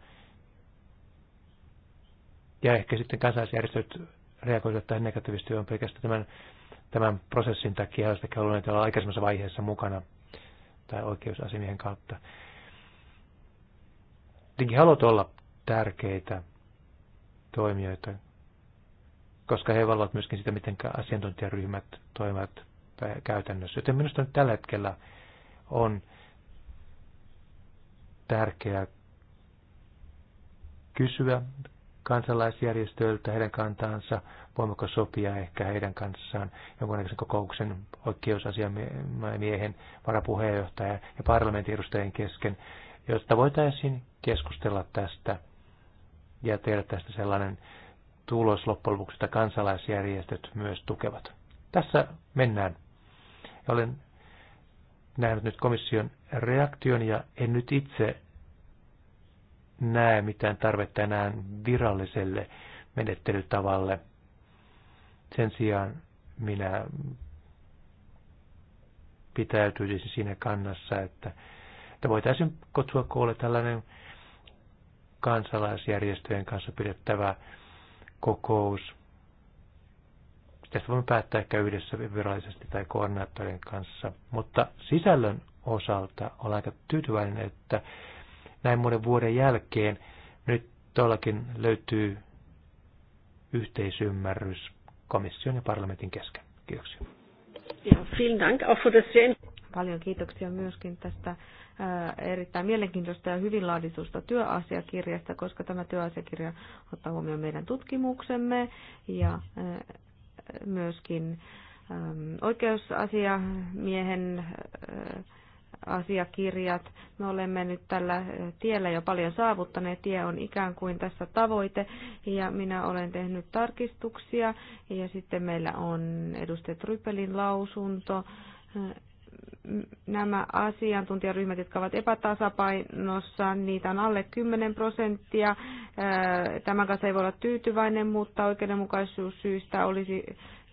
Ja ehkä sitten kansalaisjärjestöt reagoivat tähän negatiivisesti on pelkästään tämän, tämän prosessin takia, josta halunneet olla aikaisemmassa vaiheessa mukana tai oikeusasemien kautta. Tietenkin haluat olla tärkeitä toimijoita, koska he valvovat myöskin sitä, miten asiantuntijaryhmät toimivat käytännössä. Joten minusta on tällä hetkellä on tärkeää kysyä kansalaisjärjestöiltä heidän kantaansa, voimmeko sopia ehkä heidän kanssaan jonkunnäköisen kokouksen oikeusasiamiehen, varapuheenjohtajan ja parlamentin edustajien kesken, jotta voitaisiin keskustella tästä ja tehdä tästä sellainen tulos loppujen lopuksi, että kansalaisjärjestöt myös tukevat. Tässä mennään. olen nähnyt nyt komission reaktion ja en nyt itse näe mitään tarvetta enää viralliselle menettelytavalle. Sen sijaan minä pitäytyisin siinä kannassa, että, että voitaisiin kutsua koolle tällainen kansalaisjärjestöjen kanssa pidettävä kokous – Tästä voimme päättää ehkä yhdessä virallisesti tai koordinaattorien kanssa. Mutta sisällön osalta olen aika tyytyväinen, että näin monen vuoden jälkeen nyt todellakin löytyy yhteisymmärrys komission ja parlamentin kesken. Kiitoksia. Ja, vielen Dank auch für das Paljon kiitoksia myöskin tästä äh, erittäin mielenkiintoista ja hyvin laaditusta työasiakirjasta, koska tämä työasiakirja ottaa huomioon meidän tutkimuksemme ja äh, myöskin ähm, oikeusasiamiehen äh, asiakirjat. Me olemme nyt tällä tiellä jo paljon saavuttaneet. Tie on ikään kuin tässä tavoite ja minä olen tehnyt tarkistuksia ja sitten meillä on edustajat Rypelin lausunto nämä asiantuntijaryhmät, jotka ovat epätasapainossa, niitä on alle 10 prosenttia. Tämän kanssa ei voi olla tyytyväinen, mutta oikeudenmukaisuussyistä olisi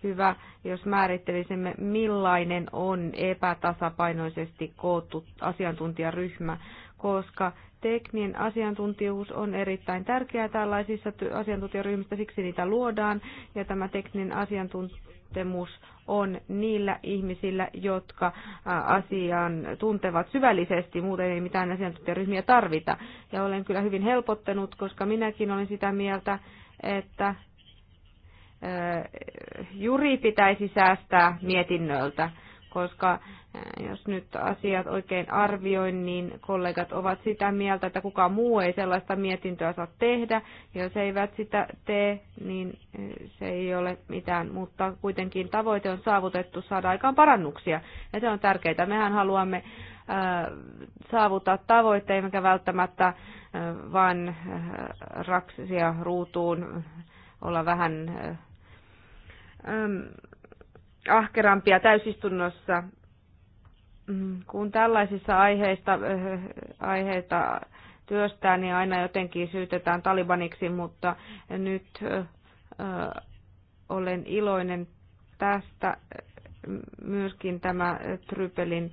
hyvä, jos määrittelisimme, millainen on epätasapainoisesti koottu asiantuntijaryhmä, koska tekninen asiantuntijuus on erittäin tärkeää tällaisissa asiantuntijaryhmissä, siksi niitä luodaan, ja tämä tekninen asiantuntijuus tuntemus on niillä ihmisillä, jotka asian tuntevat syvällisesti, muuten ei mitään asiantuntijaryhmiä tarvita. Ja olen kyllä hyvin helpottanut, koska minäkin olen sitä mieltä, että juri pitäisi säästää mietinnöltä koska eh, jos nyt asiat oikein arvioin, niin kollegat ovat sitä mieltä, että kukaan muu ei sellaista mietintöä saa tehdä. Jos eivät sitä tee, niin eh, se ei ole mitään, mutta kuitenkin tavoite on saavutettu saada aikaan parannuksia. Ja se on tärkeää. Mehän haluamme eh, saavuttaa tavoitteen, mikä välttämättä vain raksia ruutuun olla vähän ahkerampia täysistunnossa, mm, kun tällaisissa aiheista, eh, aiheita työstää, niin aina jotenkin syytetään talibaniksi, mutta nyt eh, eh, olen iloinen tästä myöskin tämä Trypelin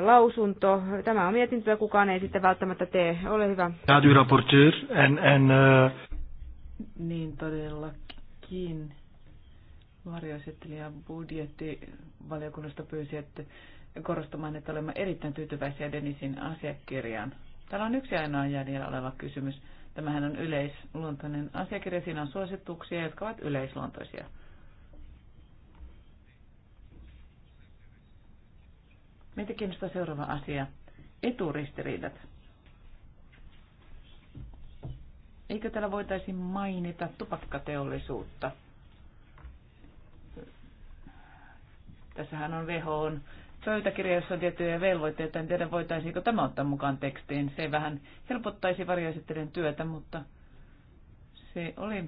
lausunto. Tämä on mietintö ja kukaan ei sitten välttämättä tee. Ole hyvä. Täytyy raportöör. En, en, uh... Niin todellakin varjoesittelijä budjettivaliokunnasta pyysi että korostamaan, että olemme erittäin tyytyväisiä Denisin asiakirjaan. Täällä on yksi ainoa jäljellä oleva kysymys. Tämähän on yleisluontoinen asiakirja. Siinä on suosituksia, jotka ovat yleisluontoisia. Meitä kiinnostaa seuraava asia. Eturistiriidat. Eikö täällä voitaisiin mainita tupakkateollisuutta? Tässähän on WHOn pöytäkirja, jossa on tiettyjä velvoitteita. En tiedä, voitaisiinko tämä ottaa mukaan tekstiin. Se vähän helpottaisi varjoesittelijän työtä, mutta se oli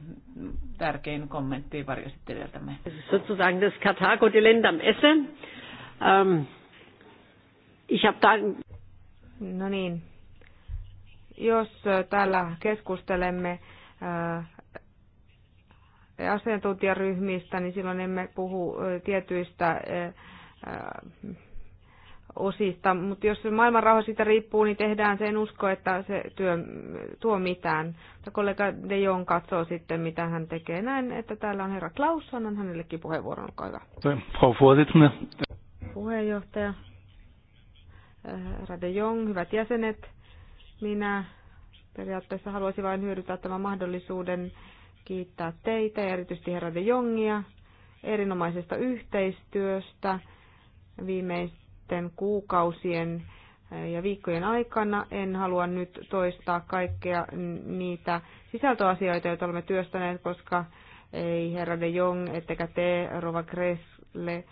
tärkein kommentti varjoesittelijältämme. Sozusagen das Karthago die Länder am Essen. Ähm, ich habe da... No niin. Jos äh, täällä keskustelemme äh, asiantuntijaryhmistä, niin silloin emme puhu tietyistä osista, mutta jos maailman rauha siitä riippuu, niin tehdään sen usko, että se työ tuo mitään. Ja kollega De Jong katsoo sitten, mitä hän tekee. Näin, että täällä on herra Klaus, annan hänellekin puheenvuoron, olkaa hyvä. Puheenjohtaja, herra De Jong, hyvät jäsenet, minä periaatteessa haluaisin vain hyödyntää tämän mahdollisuuden kiittää teitä ja erityisesti herra de Jongia erinomaisesta yhteistyöstä viimeisten kuukausien eh, ja viikkojen aikana. En halua nyt toistaa kaikkea niitä sisältöasioita, joita olemme työstäneet, koska ei herra de Jong, ettekä te, Rova Gressle,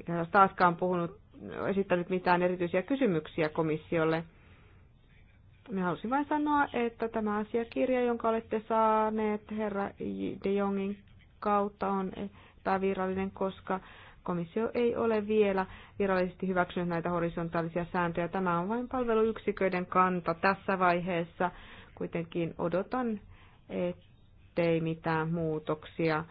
eikä eh, taaskaan puhunut, esittänyt mitään erityisiä kysymyksiä komissiolle. Me halusin vain sanoa, että tämä asiakirja, jonka olette saaneet herra De Jongin kautta, on epävirallinen, koska komissio ei ole vielä virallisesti hyväksynyt näitä horisontaalisia sääntöjä. Tämä on vain palveluyksiköiden kanta tässä vaiheessa. Kuitenkin odotan, ettei mitään muutoksia äh,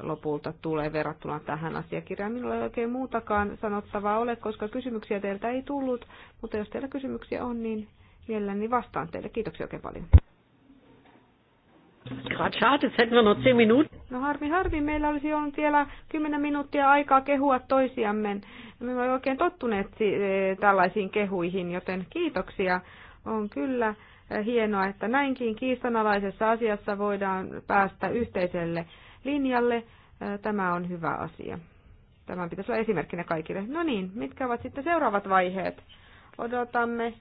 lopulta tulee verrattuna tähän asiakirjaan. Minulla ei oikein muutakaan sanottavaa ole, koska kysymyksiä teiltä ei tullut, mutta jos teillä kysymyksiä on, niin mielelläni vastaan teille. Kiitoksia oikein paljon. No harmi, harmi. Meillä olisi ollut vielä 10 minuuttia aikaa kehua toisiamme. Me olemme oikein tottuneet eh, tällaisiin kehuihin, joten kiitoksia. On kyllä eh, hienoa, että näinkin kiistanalaisessa asiassa voidaan päästä yhteiselle linjalle. Eh, tämä on hyvä asia. Tämä pitäisi olla esimerkkinä kaikille. No niin, mitkä ovat sitten seuraavat vaiheet? Odotamme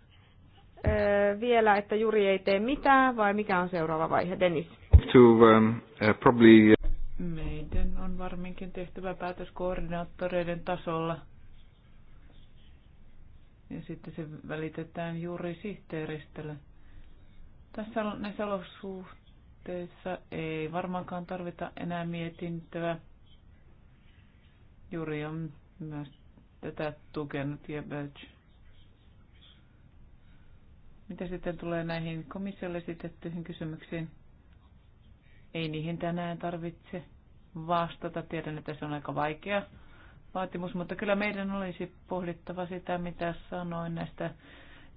vielä, että Juri ei tee mitään, vai mikä on seuraava vaihe, Dennis? To, um, uh, probably... Uh, Meidän on varminkin tehtävä päätös koordinaattoreiden tasolla. Ja sitten se välitetään juuri sihteeristölle. Tässä näissä olosuhteissa ei varmaankaan tarvita enää mietintöä. Juri on myös tätä tukenut ja Birch mitä sitten tulee näihin komissiolle esitettyihin kysymyksiin? Ei niihin tänään tarvitse vastata. Tiedän, että se on aika vaikea vaatimus, mutta kyllä meidän olisi pohdittava sitä, mitä sanoin näistä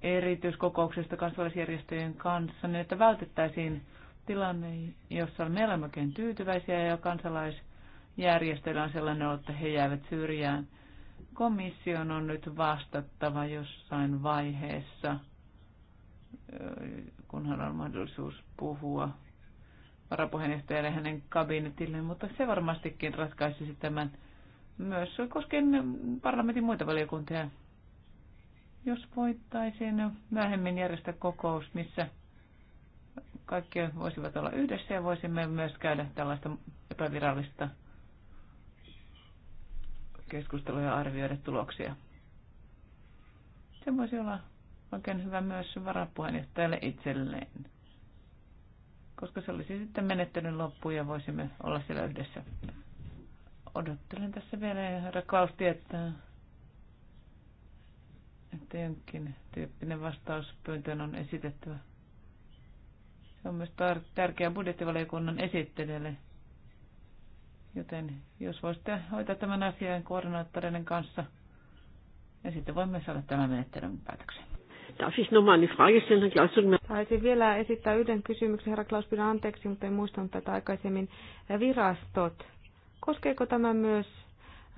erityiskokouksista kansalaisjärjestöjen kanssa, niin että vältettäisiin tilanne, jossa me olemme oikein tyytyväisiä ja kansalaisjärjestöillä on sellainen olo, että he jäävät syrjään. Komission on nyt vastattava jossain vaiheessa kun hän on mahdollisuus puhua varapuheenjohtajalle hänen kabinetilleen, mutta se varmastikin ratkaisisi tämän myös koskien parlamentin muita valiokuntia. Jos voitaisiin myöhemmin järjestää kokous, missä kaikki voisivat olla yhdessä ja voisimme myös käydä tällaista epävirallista keskustelua ja arvioida tuloksia. Se voisi olla oikein hyvä myös varapuheenjohtajalle itselleen, koska se olisi sitten menettelyn loppuun ja voisimme olla siellä yhdessä. Odottelen tässä vielä herra Klaus tietää, että jonkin tyyppinen vastauspyyntöön on esitettävä. Se on myös tärkeä budjettivaliokunnan esittelijälle, joten jos voisitte hoitaa tämän asian koordinaattoreiden kanssa, ja sitten voimme saada tämän menettelyn päätöksen. Darf ich eine Frage stellen, Herr Klaus? Taisin vielä esittää yhden kysymyksen, herra Klaus, pyydän anteeksi, mutta en muistanut tätä aikaisemmin. Äh, virastot, koskeeko tämä myös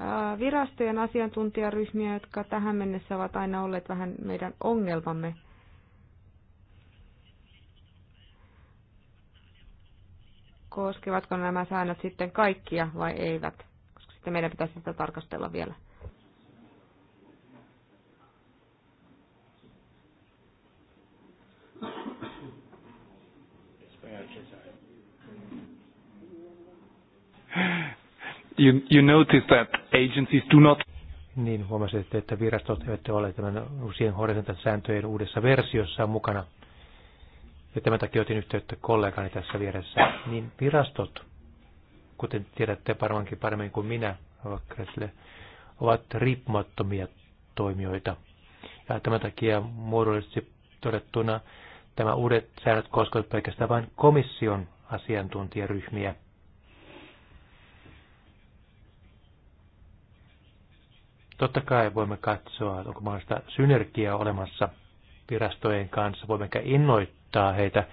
äh, virastojen asiantuntijaryhmiä, jotka tähän mennessä ovat aina olleet vähän meidän ongelmamme? Koskevatko nämä säännöt sitten kaikkia vai eivät? Koska sitten meidän pitäisi sitä tarkastella vielä. You, you notice that agencies do not niin huomasitte, että virastot eivät ole tämän uusien horisontaalisääntöjen uudessa versiossa mukana. Ja tämän takia otin yhteyttä kollegani tässä vieressä. Niin virastot, kuten tiedätte varmaankin paremmin kuin minä, ovat riippumattomia toimijoita. Ja tämän takia muodollisesti todettuna tämä uudet säännöt koskevat pelkästään vain komission asiantuntijaryhmiä – Totta kai voimme katsoa, onko mahdollista synergiaa olemassa virastojen kanssa, voimme ehkä innoittaa heitä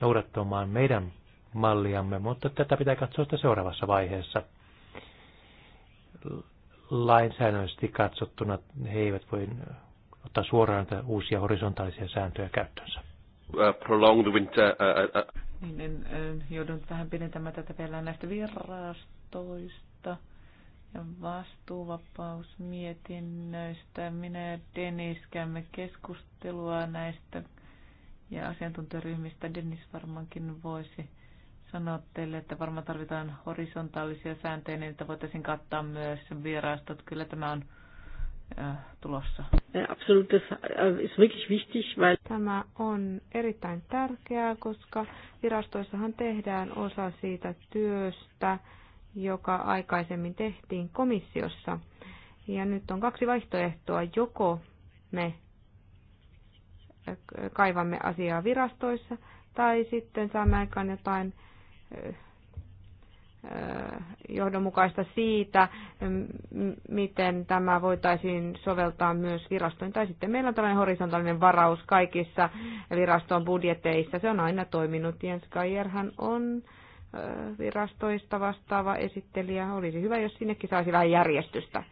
noudattamaan meidän malliamme, mutta tätä pitää katsoa sitä seuraavassa vaiheessa. Lainsäädännöllisesti katsottuna he eivät voi ottaa suoraan uusia horisontaalisia sääntöjä käyttöönsä. Uh, the winter, uh, uh, uh. Niin, en, en, joudun vähän pidentämään tätä vielä näistä virastoista ja vastuuvapaus mietinnöistä, Minä ja Dennis käymme keskustelua näistä ja asiantuntijaryhmistä. Dennis varmaankin voisi sanoa teille, että varmaan tarvitaan horisontaalisia sääntöjä, niin että voitaisiin kattaa myös vierastot. Kyllä tämä on äh, tulossa. Absolut, äh, ist wichtig, weil Tämä on erittäin tärkeää, koska virastoissahan tehdään osa siitä työstä, joka aikaisemmin tehtiin komissiossa. Ja nyt on kaksi vaihtoehtoa. Joko me kaivamme asiaa virastoissa, tai sitten saamme aikaan jotain johdonmukaista siitä, miten tämä voitaisiin soveltaa myös virastoin. Tai sitten meillä on tällainen horisontaalinen varaus kaikissa viraston budjeteissa. Se on aina toiminut. Jens Kajerhan on virastoista vastaava esittelijä. Olisi hyvä, jos sinnekin saisi vähän järjestystä.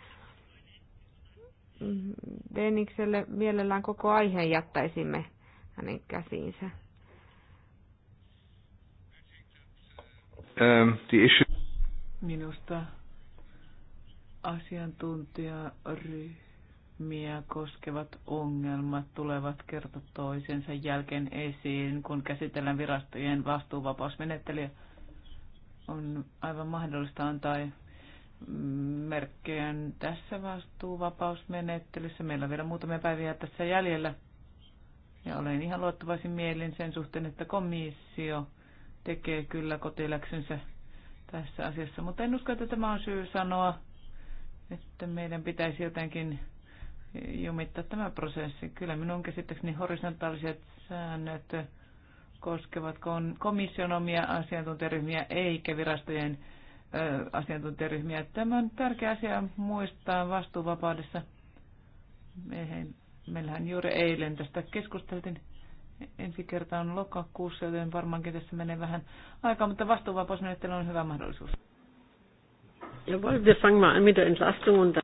Denikselle mielellään koko aiheen jättäisimme hänen käsiinsä. Ähm, Minusta asiantuntijaryhmiä koskevat ongelmat tulevat kerta toisensa jälkeen esiin, kun käsitellään virastojen vastuuvapausmenettelyä on aivan mahdollista antaa merkkejä tässä vastuuvapausmenettelyssä. Meillä on vielä muutamia päiviä tässä jäljellä. Ja olen ihan luottavaisin mielin sen suhteen, että komissio tekee kyllä kotiläksynsä tässä asiassa. Mutta en usko, että tämä on syy sanoa, että meidän pitäisi jotenkin jumittaa tämä prosessi. Kyllä minun käsittääkseni horisontaaliset säännöt koskevat komission omia asiantuntijaryhmiä eikä virastojen asiantuntijaryhmiä. Tämä on tärkeä asia muistaa vastuuvapaudessa. Meillähän juuri eilen tästä keskusteltiin. Ensi kerta on lokakuussa, joten varmaankin tässä menee vähän aikaa, mutta vastuuvapausmenettely on hyvä mahdollisuus.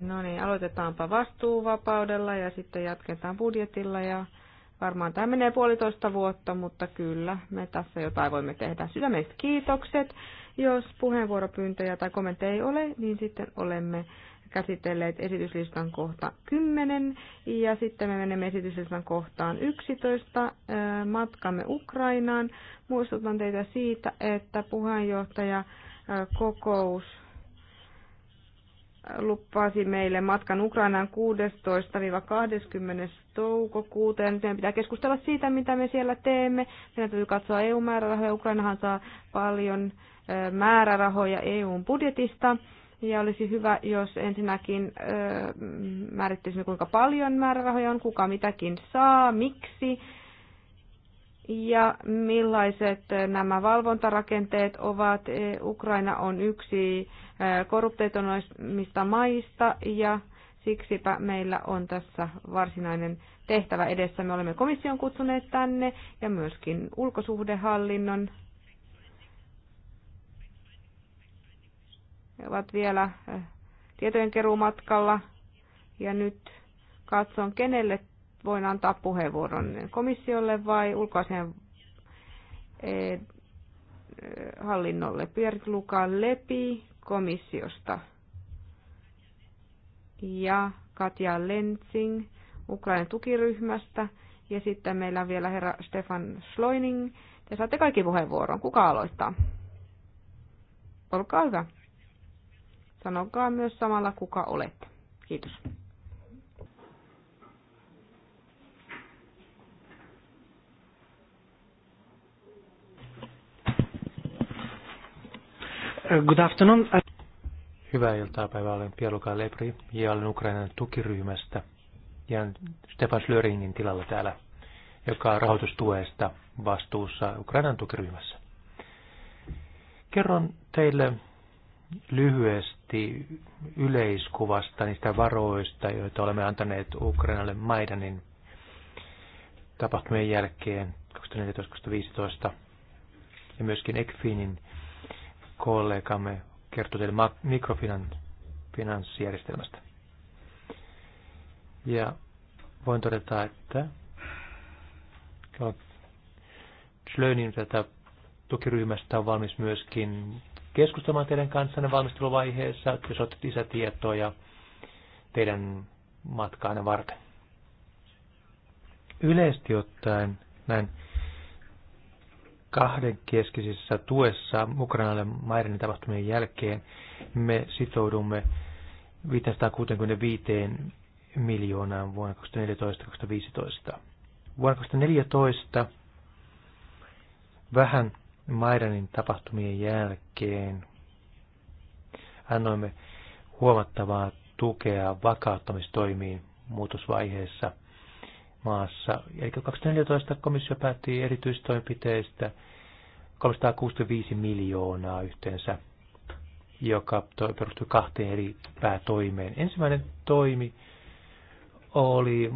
No niin, aloitetaanpa vastuuvapaudella ja sitten jatketaan budjetilla ja Varmaan tämä menee puolitoista vuotta, mutta kyllä me tässä jotain voimme tehdä. meistä kiitokset. Jos puheenvuoropyyntöjä tai kommentteja ei ole, niin sitten olemme käsitelleet esityslistan kohta 10 ja sitten me menemme esityslistan kohtaan 11, matkamme Ukrainaan. Muistutan teitä siitä, että puheenjohtaja kokous lupasi meille matkan Ukrainaan 16-20. toukokuuta. Ja nyt meidän pitää keskustella siitä, mitä me siellä teemme. Meidän täytyy katsoa EU-määrärahoja. Ukrainahan saa paljon määrärahoja EUn budjetista. Ja olisi hyvä, jos ensinnäkin määrittelisimme, kuinka paljon määrärahoja on, kuka mitäkin saa, miksi ja millaiset eh, nämä valvontarakenteet ovat. Eh, Ukraina on yksi eh, korrupteitonoista maista ja siksipä meillä on tässä varsinainen tehtävä edessä. Me olemme komission kutsuneet tänne ja myöskin ulkosuhdehallinnon. He ovat vielä tietojenkeruumatkalla ja nyt katson kenelle voin antaa puheenvuoron komissiolle vai ulkoiseen e, hallinnolle. Pierre-Luca Lepi komissiosta ja Katja Lensing Ukrainan tukiryhmästä. Ja sitten meillä on vielä herra Stefan Schloining. Te saatte kaikki puheenvuoron. Kuka aloittaa? Olkaa hyvä. Sanokaa myös samalla, kuka olet. Kiitos. Good afternoon. Hyvää iltaapäivää. Olen Pierluka Lepri ja olen Ukrainan tukiryhmästä. Ja Stefan Slöringin tilalla täällä, joka on rahoitustuesta vastuussa Ukrainan tukiryhmässä. Kerron teille lyhyesti yleiskuvasta niistä varoista, joita olemme antaneet Ukrainalle Maidanin tapahtumien jälkeen 2014-2015 ja myöskin ekfinin kollegamme kertoi teille mikrofinanssijärjestelmästä. Ja voin todeta, että Schlönin tätä tukiryhmästä on valmis myöskin keskustelemaan teidän kanssanne valmisteluvaiheessa, jos olette lisätietoja teidän matkaanne varten. Yleisesti ottaen näin kahdenkeskisessä tuessa Ukrainalle maiden tapahtumien jälkeen me sitoudumme 565 miljoonaan vuonna 2014-2015. Vuonna 2014 vähän Maidanin tapahtumien jälkeen annoimme huomattavaa tukea vakauttamistoimiin muutosvaiheessa – maassa. Eli 2014 komissio päätti erityistoimenpiteistä 365 miljoonaa yhteensä, joka perustui kahteen eri päätoimeen. Ensimmäinen toimi oli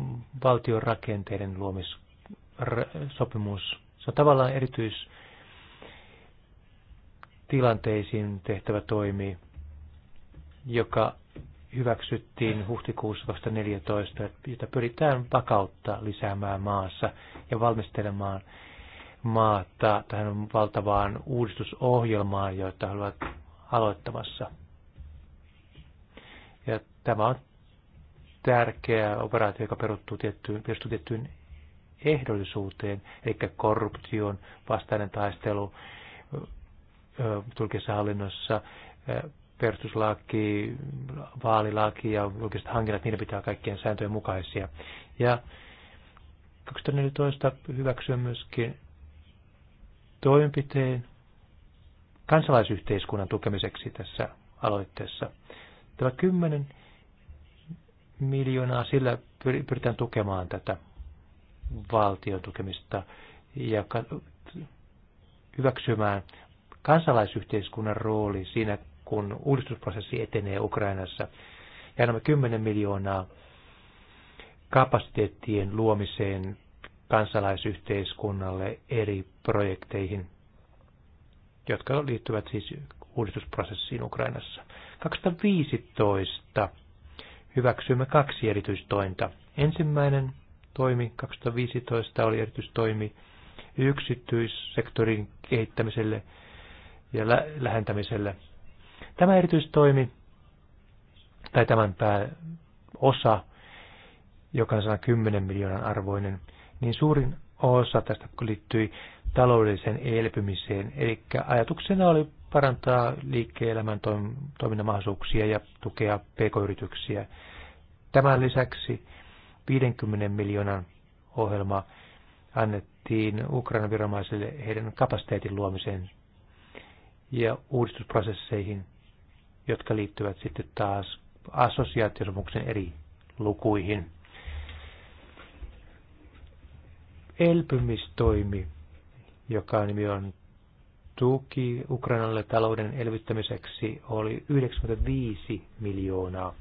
valtion rakenteiden luomissopimus. Se on tavallaan erityistilanteisiin tehtävä toimi, joka hyväksyttiin huhtikuussa 2014, jota pyritään vakautta lisäämään maassa ja valmistelemaan maata tähän valtavaan uudistusohjelmaan, joita he ovat aloittamassa. Ja tämä on tärkeä operaatio, joka perustuu tiettyyn, perustuu tiettyyn ehdollisuuteen, eli korruption vastainen taistelu julkisessa hallinnossa, perustuslaki, vaalilaki ja julkiset hankinnat, niiden pitää kaikkien sääntöjen mukaisia. Ja 2014 hyväksyä myöskin toimenpiteen kansalaisyhteiskunnan tukemiseksi tässä aloitteessa. Tämä 10 miljoonaa sillä pyritään tukemaan tätä valtion tukemista ja hyväksymään kansalaisyhteiskunnan rooli siinä, kun uudistusprosessi etenee Ukrainassa. Ja annamme 10 miljoonaa kapasiteettien luomiseen kansalaisyhteiskunnalle eri projekteihin, jotka liittyvät siis uudistusprosessiin Ukrainassa. 2015 hyväksyimme kaksi erityistointa. Ensimmäinen toimi 2015 oli erityistoimi yksityissektorin kehittämiselle ja lä- lähentämiselle. Tämä erityistoimi, tai tämän pääosa, joka on 10 miljoonan arvoinen, niin suurin osa tästä liittyi taloudelliseen elpymiseen. Eli ajatuksena oli parantaa liike-elämän toiminnan mahdollisuuksia ja tukea pk-yrityksiä. Tämän lisäksi 50 miljoonan ohjelma annettiin Ukrainan viranomaisille heidän kapasiteetin luomiseen ja uudistusprosesseihin – jotka liittyvät sitten taas assosiaatiosopimuksen eri lukuihin. Elpymistoimi, joka nimi on tuki Ukrainalle talouden elvyttämiseksi, oli 95 miljoonaa,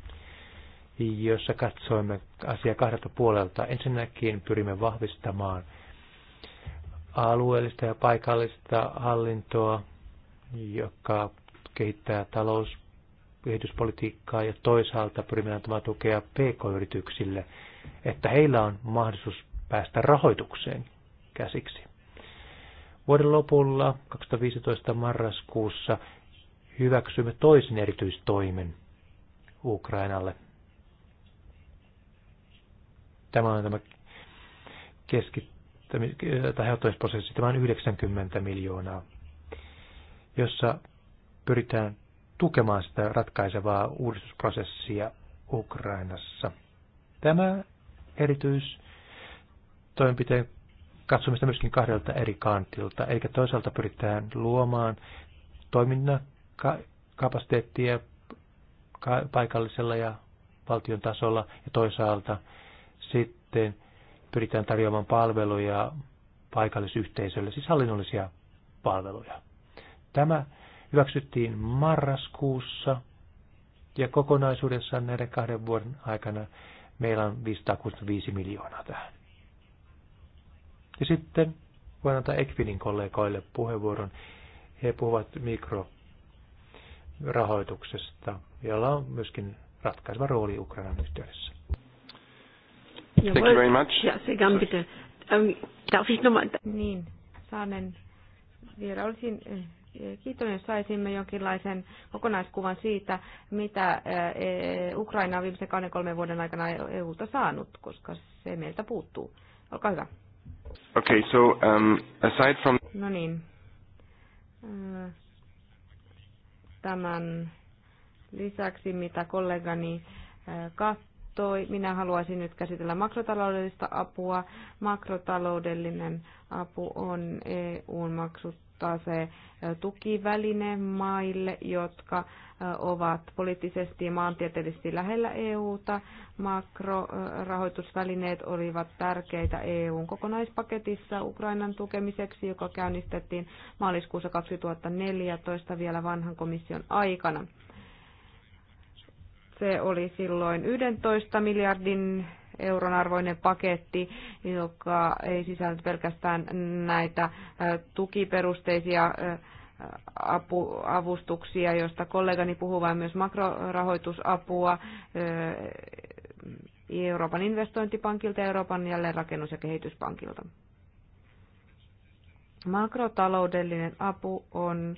jossa katsoimme asiaa kahdelta puolelta. Ensinnäkin pyrimme vahvistamaan alueellista ja paikallista hallintoa, joka kehittää talous kehityspolitiikkaa ja toisaalta pyrimme antamaan tukea pk-yrityksille, että heillä on mahdollisuus päästä rahoitukseen käsiksi. Vuoden lopulla 2015 marraskuussa hyväksymme toisen erityistoimen Ukrainalle. Tämä on tämä keskittämisprosessi, tämä on 90 miljoonaa, jossa pyritään tukemaan sitä ratkaisevaa uudistusprosessia Ukrainassa. Tämä erityistoimenpiteen katsomista myöskin kahdelta eri kantilta, eli toisaalta pyritään luomaan toiminnan kapasiteettia paikallisella ja valtion tasolla, ja toisaalta sitten pyritään tarjoamaan palveluja paikallisyhteisölle, siis hallinnollisia palveluja. Tämä hyväksyttiin marraskuussa ja kokonaisuudessaan näiden kahden vuoden aikana meillä on 565 miljoonaa tähän. Ja sitten voin antaa Ekvinin kollegoille puheenvuoron. He puhuvat mikrorahoituksesta, jolla on myöskin ratkaiseva rooli Ukrainan yhteydessä. Thank you very much. Ja, se ähm, Niin, saanen vielä. Olisin äh, Kiitos, jos saisimme jonkinlaisen kokonaiskuvan siitä, mitä eh, Ukraina on viimeisen kahden kolmen vuoden aikana EU-ta saanut, koska se meiltä puuttuu. Olkaa hyvä. Okay, so, um, aside from... No niin. Tämän lisäksi, mitä kollegani kattoi, minä haluaisin nyt käsitellä makrotaloudellista apua. Makrotaloudellinen apu on eu maksut tarkoittaa se tukiväline maille, jotka ovat poliittisesti ja maantieteellisesti lähellä EUta. Makrorahoitusvälineet olivat tärkeitä EUn kokonaispaketissa Ukrainan tukemiseksi, joka käynnistettiin maaliskuussa 2014 vielä vanhan komission aikana. Se oli silloin 11 miljardin euron arvoinen paketti, joka ei sisällä pelkästään näitä äh, tukiperusteisia äh, äh, apu, avustuksia, josta kollegani puhuu, vaan myös makrorahoitusapua Euroopan investointipankilta ja Euroopan jälleenrakennus- ja kehityspankilta. Makrotaloudellinen apu on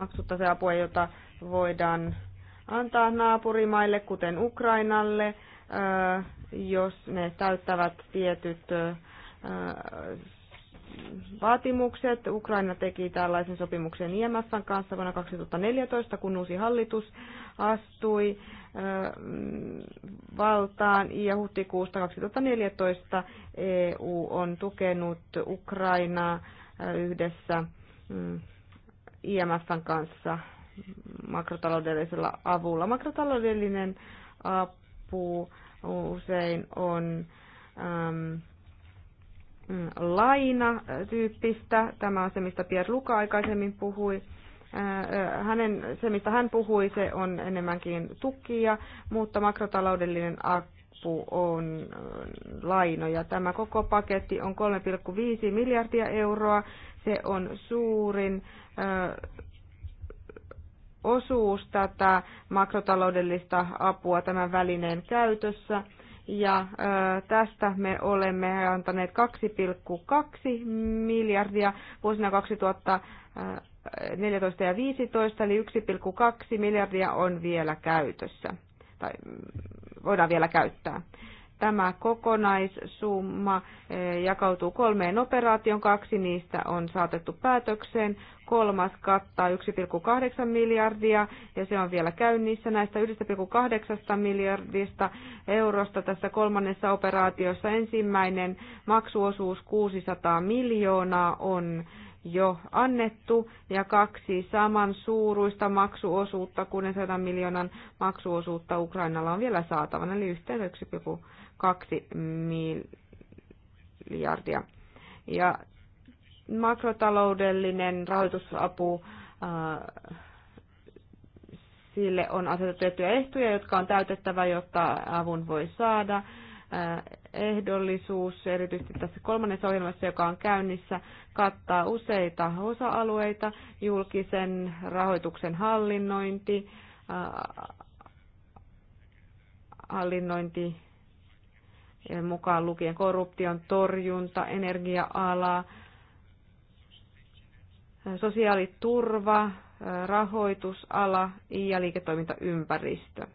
maksutta se apua, jota voidaan antaa naapurimaille, kuten Ukrainalle, jos ne täyttävät tietyt vaatimukset. Ukraina teki tällaisen sopimuksen IMFn kanssa vuonna 2014, kun uusi hallitus astui valtaan ja huhtikuusta 2014 EU on tukenut Ukrainaa yhdessä mm, IMFn kanssa makrotaloudellisella avulla. Makrotaloudellinen apu usein on äm, tyyppistä. Tämä on se, mistä Pierre Luka aikaisemmin puhui. Hänen, se, mistä hän puhui, se on enemmänkin tukia, mutta makrotaloudellinen apu on lainoja. Tämä koko paketti on 3,5 miljardia euroa. Se on suurin osuus tätä makrotaloudellista apua tämän välineen käytössä. Ja tästä me olemme antaneet 2,2 miljardia vuosina 2014 ja 2015, eli 1,2 miljardia on vielä käytössä, tai voidaan vielä käyttää. Tämä kokonaissumma eh, jakautuu kolmeen operaation, kaksi niistä on saatettu päätökseen, kolmas kattaa 1,8 miljardia ja se on vielä käynnissä näistä 1,8 miljardista eurosta tässä kolmannessa operaatiossa. Ensimmäinen maksuosuus 600 miljoonaa on jo annettu ja kaksi saman suuruista maksuosuutta, 600 miljoonan maksuosuutta Ukrainalla on vielä saatavana, eli yhteensä kaksi miljardia. Ja makrotaloudellinen rahoitusapu, äh, sille on asetettu tiettyjä ehtoja, jotka on täytettävä, jotta avun voi saada. Äh, ehdollisuus, erityisesti tässä kolmannessa ohjelmassa, joka on käynnissä, kattaa useita osa-alueita, julkisen rahoituksen hallinnointi, äh, hallinnointi Eh, mukaan lukien korruption torjunta, energia-ala, eh, sosiaaliturva, eh, rahoitusala ja liiketoimintaympäristö.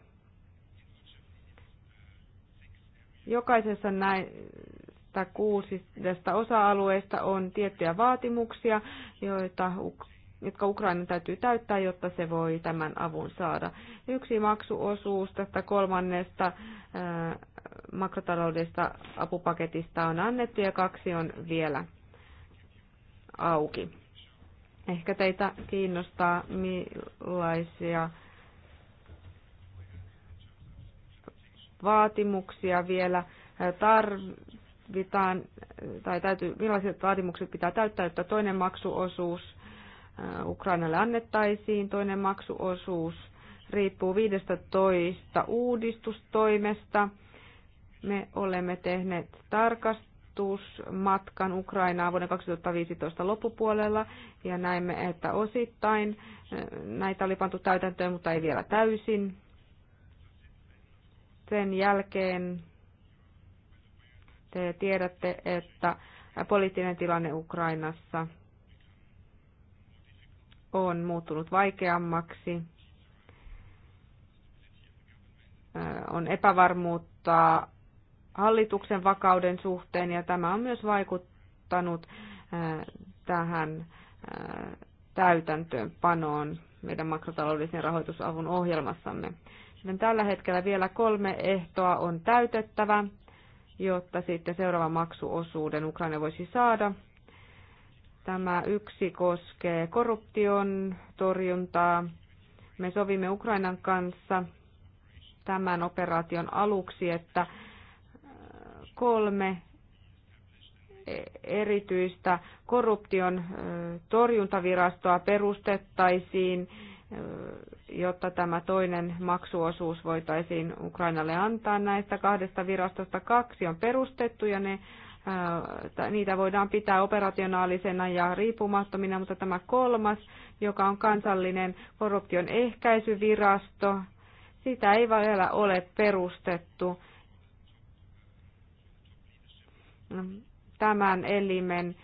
Jokaisessa näistä kuusista osa-alueista on tiettyjä vaatimuksia, joita jotka Ukraina täytyy täyttää, jotta se voi tämän avun saada. Yksi maksuosuus tästä kolmannesta makrotaloudesta apupaketista on annettu ja kaksi on vielä auki. Ehkä teitä kiinnostaa, millaisia vaatimuksia vielä tarvitaan, tai täytyy, millaiset vaatimukset pitää täyttää, että toinen maksuosuus äh, Ukrainalle annettaisiin, toinen maksuosuus riippuu 15 uudistustoimesta, me olemme tehneet tarkastusmatkan Ukrainaan vuoden 2015 loppupuolella ja näimme, että osittain eh, näitä oli pantu täytäntöön, mutta ei vielä täysin. Sen jälkeen te tiedätte, että poliittinen tilanne Ukrainassa on muuttunut vaikeammaksi. Eh, on epävarmuutta hallituksen vakauden suhteen ja tämä on myös vaikuttanut äh, tähän äh, täytäntöönpanoon meidän makrotaloudellisen rahoitusavun ohjelmassamme. Sitten tällä hetkellä vielä kolme ehtoa on täytettävä, jotta sitten seuraava maksuosuuden Ukraina voisi saada. Tämä yksi koskee korruption torjuntaa. Me sovimme Ukrainan kanssa tämän operaation aluksi, että kolme erityistä korruption torjuntavirastoa perustettaisiin, jotta tämä toinen maksuosuus voitaisiin Ukrainalle antaa. Näistä kahdesta virastosta kaksi on perustettu ja ne, niitä voidaan pitää operationaalisena ja riippumattomina, mutta tämä kolmas, joka on kansallinen korruption ehkäisyvirasto, sitä ei vielä ole perustettu tämän elimen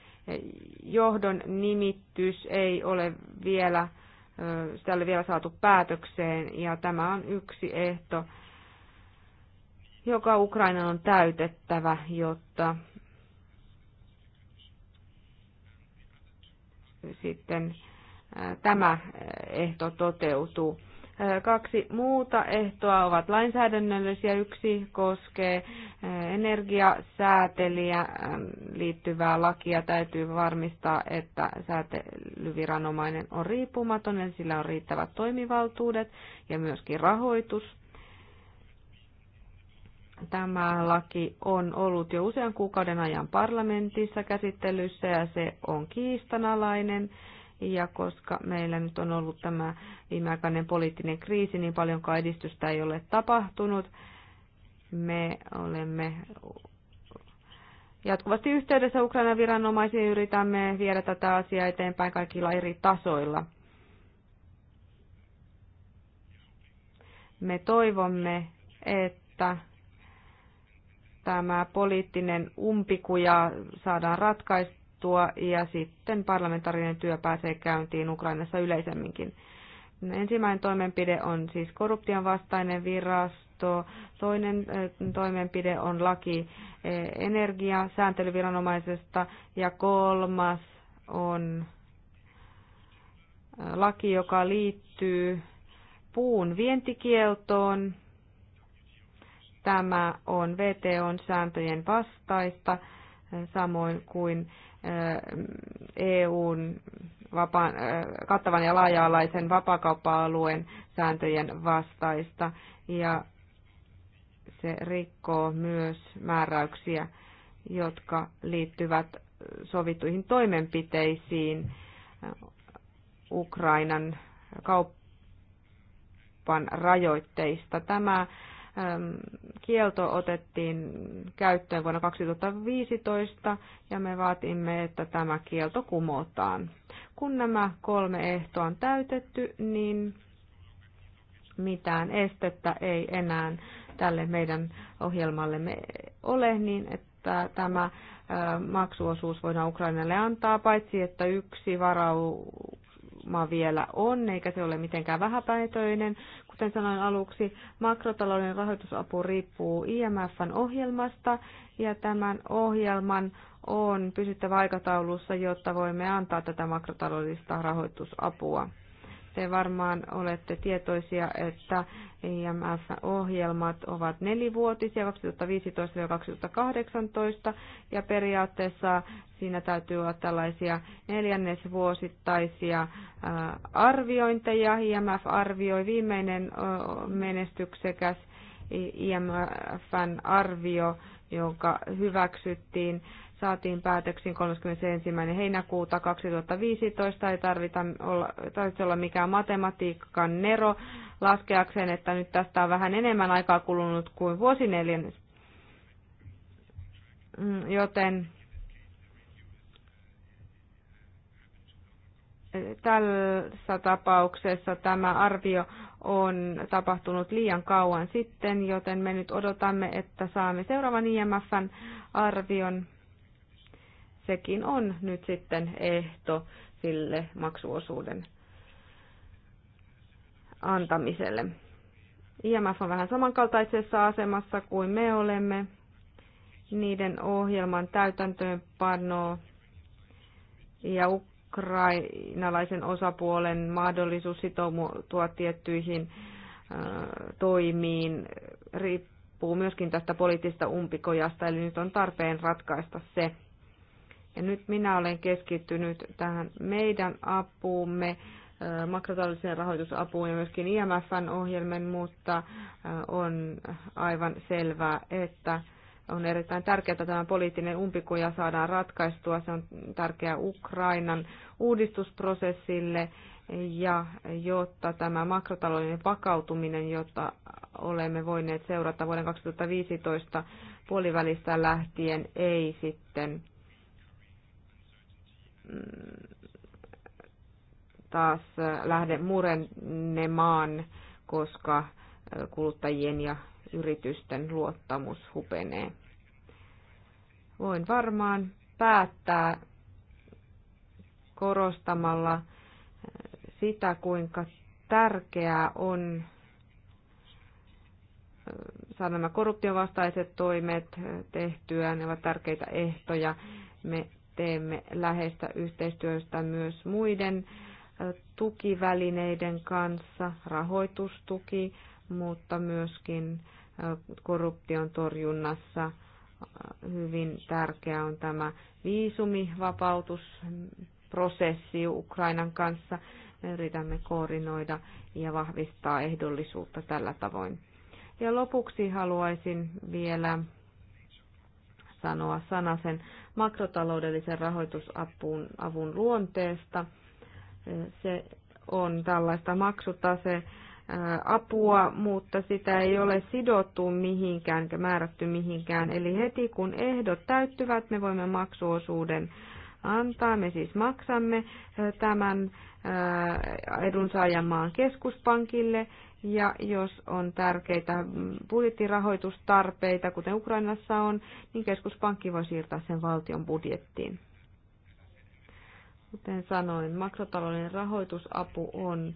johdon nimitys ei ole vielä, sitä ole vielä saatu päätökseen ja tämä on yksi ehto, joka Ukraina on täytettävä, jotta sitten tämä ehto toteutuu. Kaksi muuta ehtoa ovat lainsäädännöllisiä. Yksi koskee energiasäätelijä liittyvää lakia. Täytyy varmistaa, että säätelyviranomainen on riippumaton ja sillä on riittävät toimivaltuudet ja myöskin rahoitus tämä laki on ollut jo usean kuukauden ajan parlamentissa käsittelyssä ja se on kiistanalainen. Ja koska meillä nyt on ollut tämä viimeaikainen poliittinen kriisi, niin paljonkaan edistystä ei ole tapahtunut. Me olemme jatkuvasti yhteydessä Ukrainan viranomaisiin yritämme viedä tätä asiaa eteenpäin kaikilla eri tasoilla. Me toivomme, että tämä poliittinen umpikuja saadaan ratkaistua sovittua ja sitten parlamentaarinen työ pääsee käyntiin Ukrainassa yleisemminkin. Ensimmäinen toimenpide on siis korruption vastainen virasto, toinen toimenpide on laki energia sääntelyviranomaisesta ja kolmas on laki, joka liittyy puun vientikieltoon. Tämä on VTOn sääntöjen vastaista, samoin kuin EUn vapaan, kattavan ja laaja-alaisen vapakauppa-alueen sääntöjen vastaista ja se rikkoo myös määräyksiä, jotka liittyvät sovittuihin toimenpiteisiin Ukrainan kauppan rajoitteista. Tämä kielto otettiin käyttöön vuonna 2015 ja me vaatimme, että tämä kielto kumotaan. Kun nämä kolme ehtoa on täytetty, niin mitään estettä ei enää tälle meidän ohjelmallemme ole, niin että tämä maksuosuus voidaan Ukrainalle antaa, paitsi että yksi varauma vielä on, eikä se ole mitenkään vähäpäätöinen, Kuten sanoin aluksi, makrotalouden rahoitusapu riippuu IMFn ohjelmasta ja tämän ohjelman on pysyttävä aikataulussa, jotta voimme antaa tätä makrotaloudellista rahoitusapua. Te varmaan olette tietoisia, että IMF-ohjelmat e ovat nelivuotisia 2015-2018 ja periaatteessa siinä täytyy olla tällaisia neljännesvuosittaisia arviointeja. IMF e arvioi viimeinen menestyksekäs IMFn arvio, joka hyväksyttiin saatiin päätöksiin 31. heinäkuuta 2015. Ei tarvita olla, tarvitse olla mikään matematiikan nero laskeakseen, että nyt tästä on vähän enemmän aikaa kulunut kuin vuosineljännes. Mm, joten eh, tässä tapauksessa tämä arvio on tapahtunut liian kauan sitten, joten me nyt odotamme, että saamme seuraavan IMFn arvion sekin on nyt sitten ehto sille maksuosuuden antamiselle. IMF on vähän samankaltaisessa asemassa kuin me olemme. Niiden ohjelman täytäntöönpano ja ukrainalaisen osapuolen mahdollisuus sitoutua tiettyihin toimiin riippuu myöskin tästä poliittisesta umpikojasta, eli nyt on tarpeen ratkaista se. Ja nyt minä olen keskittynyt tähän meidän apuumme, makrotaaliseen rahoitusapuun ja myöskin IMFn ohjelmen, mutta on aivan selvää, että on erittäin tärkeää, että tämä poliittinen umpikuja saadaan ratkaistua. Se on tärkeää Ukrainan uudistusprosessille ja jotta tämä makrotalouden vakautuminen, jota olemme voineet seurata vuoden 2015 puolivälistä lähtien, ei sitten taas lähde murenemaan, koska kuluttajien ja yritysten luottamus hupenee. Voin varmaan päättää korostamalla sitä, kuinka tärkeää on saada nämä korruptiovastaiset toimet tehtyä. Ne ovat tärkeitä ehtoja. Me teemme läheistä yhteistyöstä myös muiden tukivälineiden kanssa, rahoitustuki, mutta myöskin korruption torjunnassa hyvin tärkeä on tämä viisumivapautusprosessi Ukrainan kanssa. Me yritämme koordinoida ja vahvistaa ehdollisuutta tällä tavoin. Ja lopuksi haluaisin vielä sanoa sanasen makrotaloudellisen rahoitusapun avun luonteesta. Se on tällaista maksutase apua, mutta sitä ei ole sidottu mihinkään eikä määrätty mihinkään. Eli heti kun ehdot täyttyvät, me voimme maksuosuuden antaa. Me siis maksamme tämän edunsaajamaan keskuspankille ja jos on tärkeitä budjettirahoitustarpeita, kuten Ukrainassa on, niin keskuspankki voi siirtää sen valtion budjettiin. Kuten sanoin, makrotalouden rahoitusapu on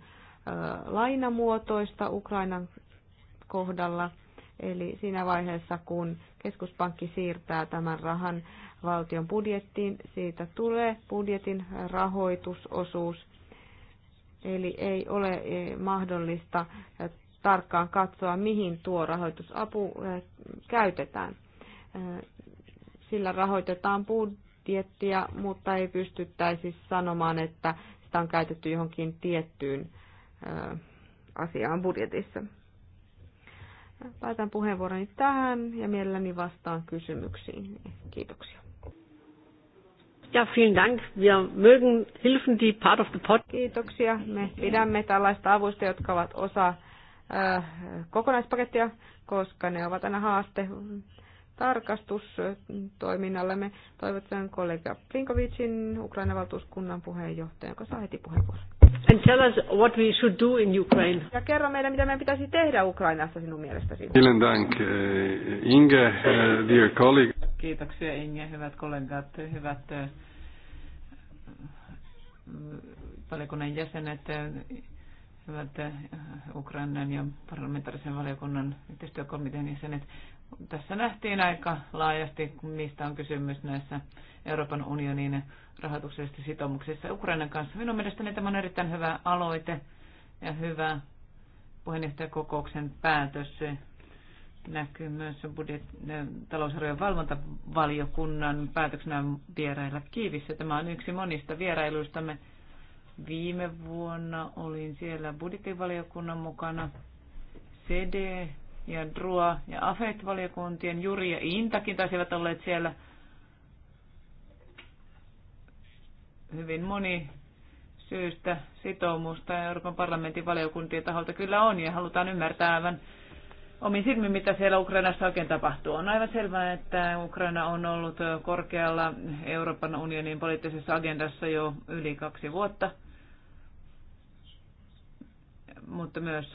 lainamuotoista Ukrainan kohdalla. Eli siinä vaiheessa, kun keskuspankki siirtää tämän rahan valtion budjettiin, siitä tulee budjetin rahoitusosuus – Eli ei ole eh, mahdollista eh, tarkkaan katsoa, mihin tuo rahoitusapu eh, käytetään. Sillä rahoitetaan budjettia, mutta ei pystyttäisi sanomaan, että sitä on käytetty johonkin tiettyyn asiaan budjetissa. Päätän puheenvuoroni tähän ja mielelläni vastaan kysymyksiin. Kiitoksia. Ja, vielen Dank. Wir mögen Hilfen, die part of the pot. Kiitoksia. Me pidämme tällaista avusta, jotka ovat osa äh, kokonaispakettia, koska ne ovat aina haaste tarkastustoiminnallemme. Toivotan kollega Plinkovicin, Ukrainan valtuuskunnan puheenjohtaja, joka saa heti puheenvuoron. And tell us what we should do in Ukraine. Ja kerro meille, mitä meidän pitäisi tehdä Ukrainassa sinun mielestäsi. Vielen dank, eh, Inge, eh, dear colleague. Kiitoksia Inge, hyvät kollegat, hyvät valiokunnan jäsenet, hyvät Ukrainan ja parlamentaarisen valiokunnan yhteistyökomitean jäsenet. Tässä nähtiin aika laajasti, mistä on kysymys näissä Euroopan unionin rahoituksellisissa sitoumuksissa Ukrainan kanssa. Minun mielestäni tämä on erittäin hyvä aloite ja hyvä puheenjohtajakokouksen päätös näkyy myös budjet, talousarvion valvontavaliokunnan päätöksenä vierailla Kiivissä. Tämä on yksi monista vierailuistamme. Viime vuonna olin siellä budjettivaliokunnan mukana. CD ja DRUA ja AFET-valiokuntien Juri ja Intakin taisivat olleet siellä. Hyvin moni syystä sitoumusta Euroopan parlamentin valiokuntien taholta kyllä on ja halutaan ymmärtää aivan omin silmin, mitä siellä Ukrainassa oikein tapahtuu. On aivan selvää, että Ukraina on ollut korkealla Euroopan unionin poliittisessa agendassa jo yli kaksi vuotta, mutta myös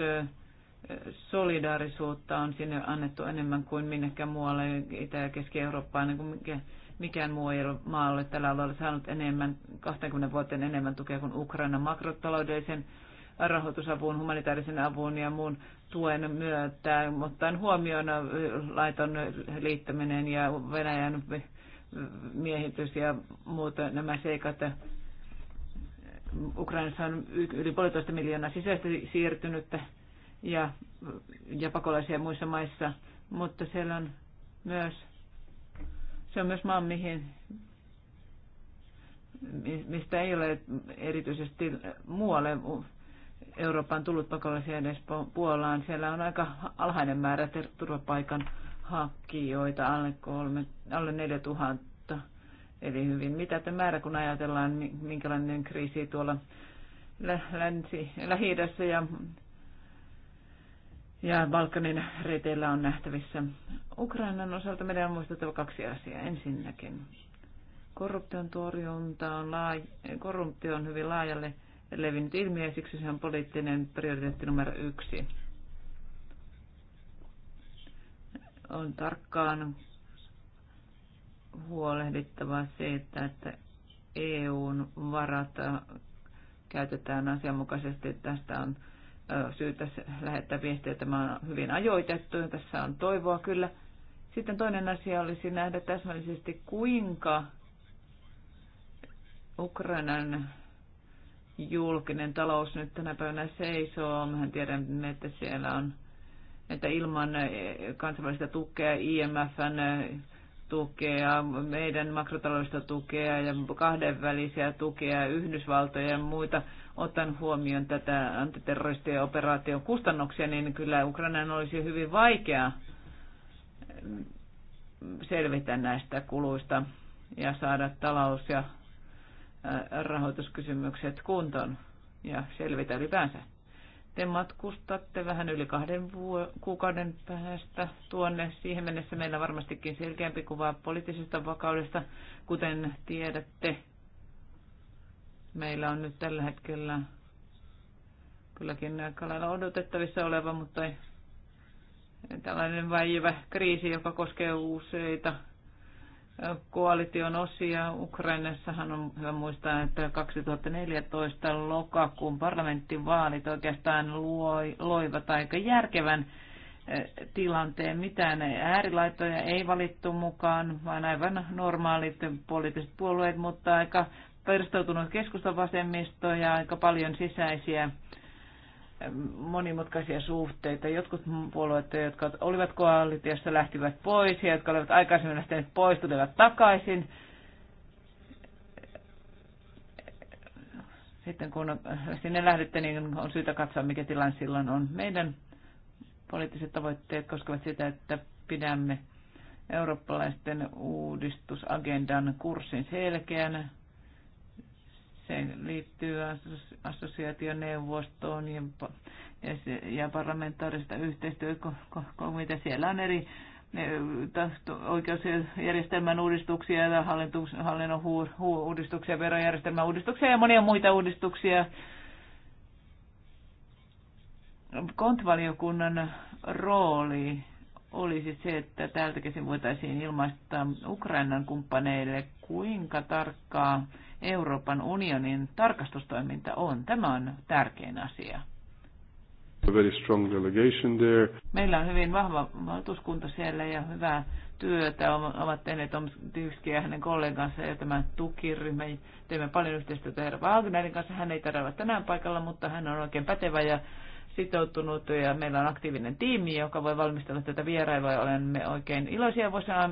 solidaarisuutta on sinne annettu enemmän kuin minnekään muualle Itä- ja Keski-Eurooppaan, niin kuin mikään muu ei ole maa tällä alueella saanut enemmän, 20 vuoteen enemmän tukea kuin Ukraina makrotaloudellisen rahoitusavun, humanitaarisen avun ja muun tuen myötä, ottaen huomioon laiton liittäminen ja Venäjän miehitys ja muut nämä seikat. Ukrainassa on yli puolitoista miljoonaa sisäistä siirtynyttä ja, ja pakolaisia muissa maissa, mutta siellä on myös, se on myös maa, mihin, mistä ei ole erityisesti muualle Eurooppaan tullut pakolaisia Espoon Puolaan. Siellä on aika alhainen määrä turvapaikan hakijoita, alle, kolme, alle 4000. Eli hyvin mitä tämä määrä, kun ajatellaan, minkälainen kriisi tuolla länsi, lähi ja, ja Balkanin reiteillä on nähtävissä. Ukrainan osalta meidän on muistettava kaksi asiaa. Ensinnäkin korruption torjunta on, laaj- korruptio on hyvin laajalle levinnyt ilmiö ja siksi se on poliittinen prioriteetti numero yksi. On tarkkaan huolehdittava siitä, että EUn varat käytetään asianmukaisesti. Tästä on syytä lähettää viestiä. Tämä on hyvin ajoitettu ja tässä on toivoa kyllä. Sitten toinen asia olisi nähdä täsmällisesti, kuinka Ukrainan julkinen talous nyt tänä päivänä seisoo. Mehän tiedämme, että siellä on, että ilman eh, kansainvälistä tukea, IMFn eh, tukea, meidän makrotaloudellista tukea ja kahdenvälisiä tukea Yhdysvaltoja ja muita, otan huomioon tätä antiterroristien operaation kustannuksia, niin kyllä Ukrainan olisi hyvin vaikea mm, selvitä näistä kuluista ja saada talous ja rahoituskysymykset kuntoon ja selvitä ylipäänsä. Te matkustatte vähän yli kahden kuukauden päästä tuonne. Siihen mennessä meillä on varmastikin selkeämpi kuva poliittisesta vakaudesta, kuten tiedätte. Meillä on nyt tällä hetkellä kylläkin aika lailla odotettavissa oleva, mutta ei, tällainen väijyvä kriisi, joka koskee useita koalition osia. Ukrainassahan on hyvä muistaa, että 2014 lokakuun parlamenttivaalit oikeastaan loi, loivat aika järkevän eh, tilanteen. Mitään äärilaitoja ei valittu mukaan, vaan aivan normaalit poliittiset puolueet, mutta aika perustautunut keskustavasemmisto ja aika paljon sisäisiä monimutkaisia suhteita. Jotkut puolueet, jotka olivat koalitiossa, lähtivät pois ja jotka olivat aikaisemmin lähteneet pois, tulivat takaisin. Sitten kun sinne lähdette, niin on syytä katsoa, mikä tilanne silloin on. Meidän poliittiset tavoitteet koskevat sitä, että pidämme eurooppalaisten uudistusagendan kurssin selkeänä. Se liittyy assosiaationeuvostoon ja, ja parlamentaarista yhteistyökomitea. Siellä on eri oikeusjärjestelmän uudistuksia hallinnon uudistuksia, verojärjestelmän uudistuksia ja monia muita uudistuksia. Kontvaliokunnan rooli olisi se, että täältäkin voitaisiin ilmaista Ukrainan kumppaneille, kuinka tarkkaa Euroopan unionin tarkastustoiminta on. Tämä on tärkein asia. Meillä on hyvin vahva valtuuskunta siellä ja hyvää työtä ovat tehneet Tom Tyski ja hänen kollegansa ja tämä tukiryhmä. Teemme paljon yhteistyötä herra Wagnerin kanssa. Hän ei tarvitse tänään paikalla, mutta hän on oikein pätevä ja sitoutunut ja meillä on aktiivinen tiimi, joka voi valmistella tätä vierailua. Olemme oikein iloisia,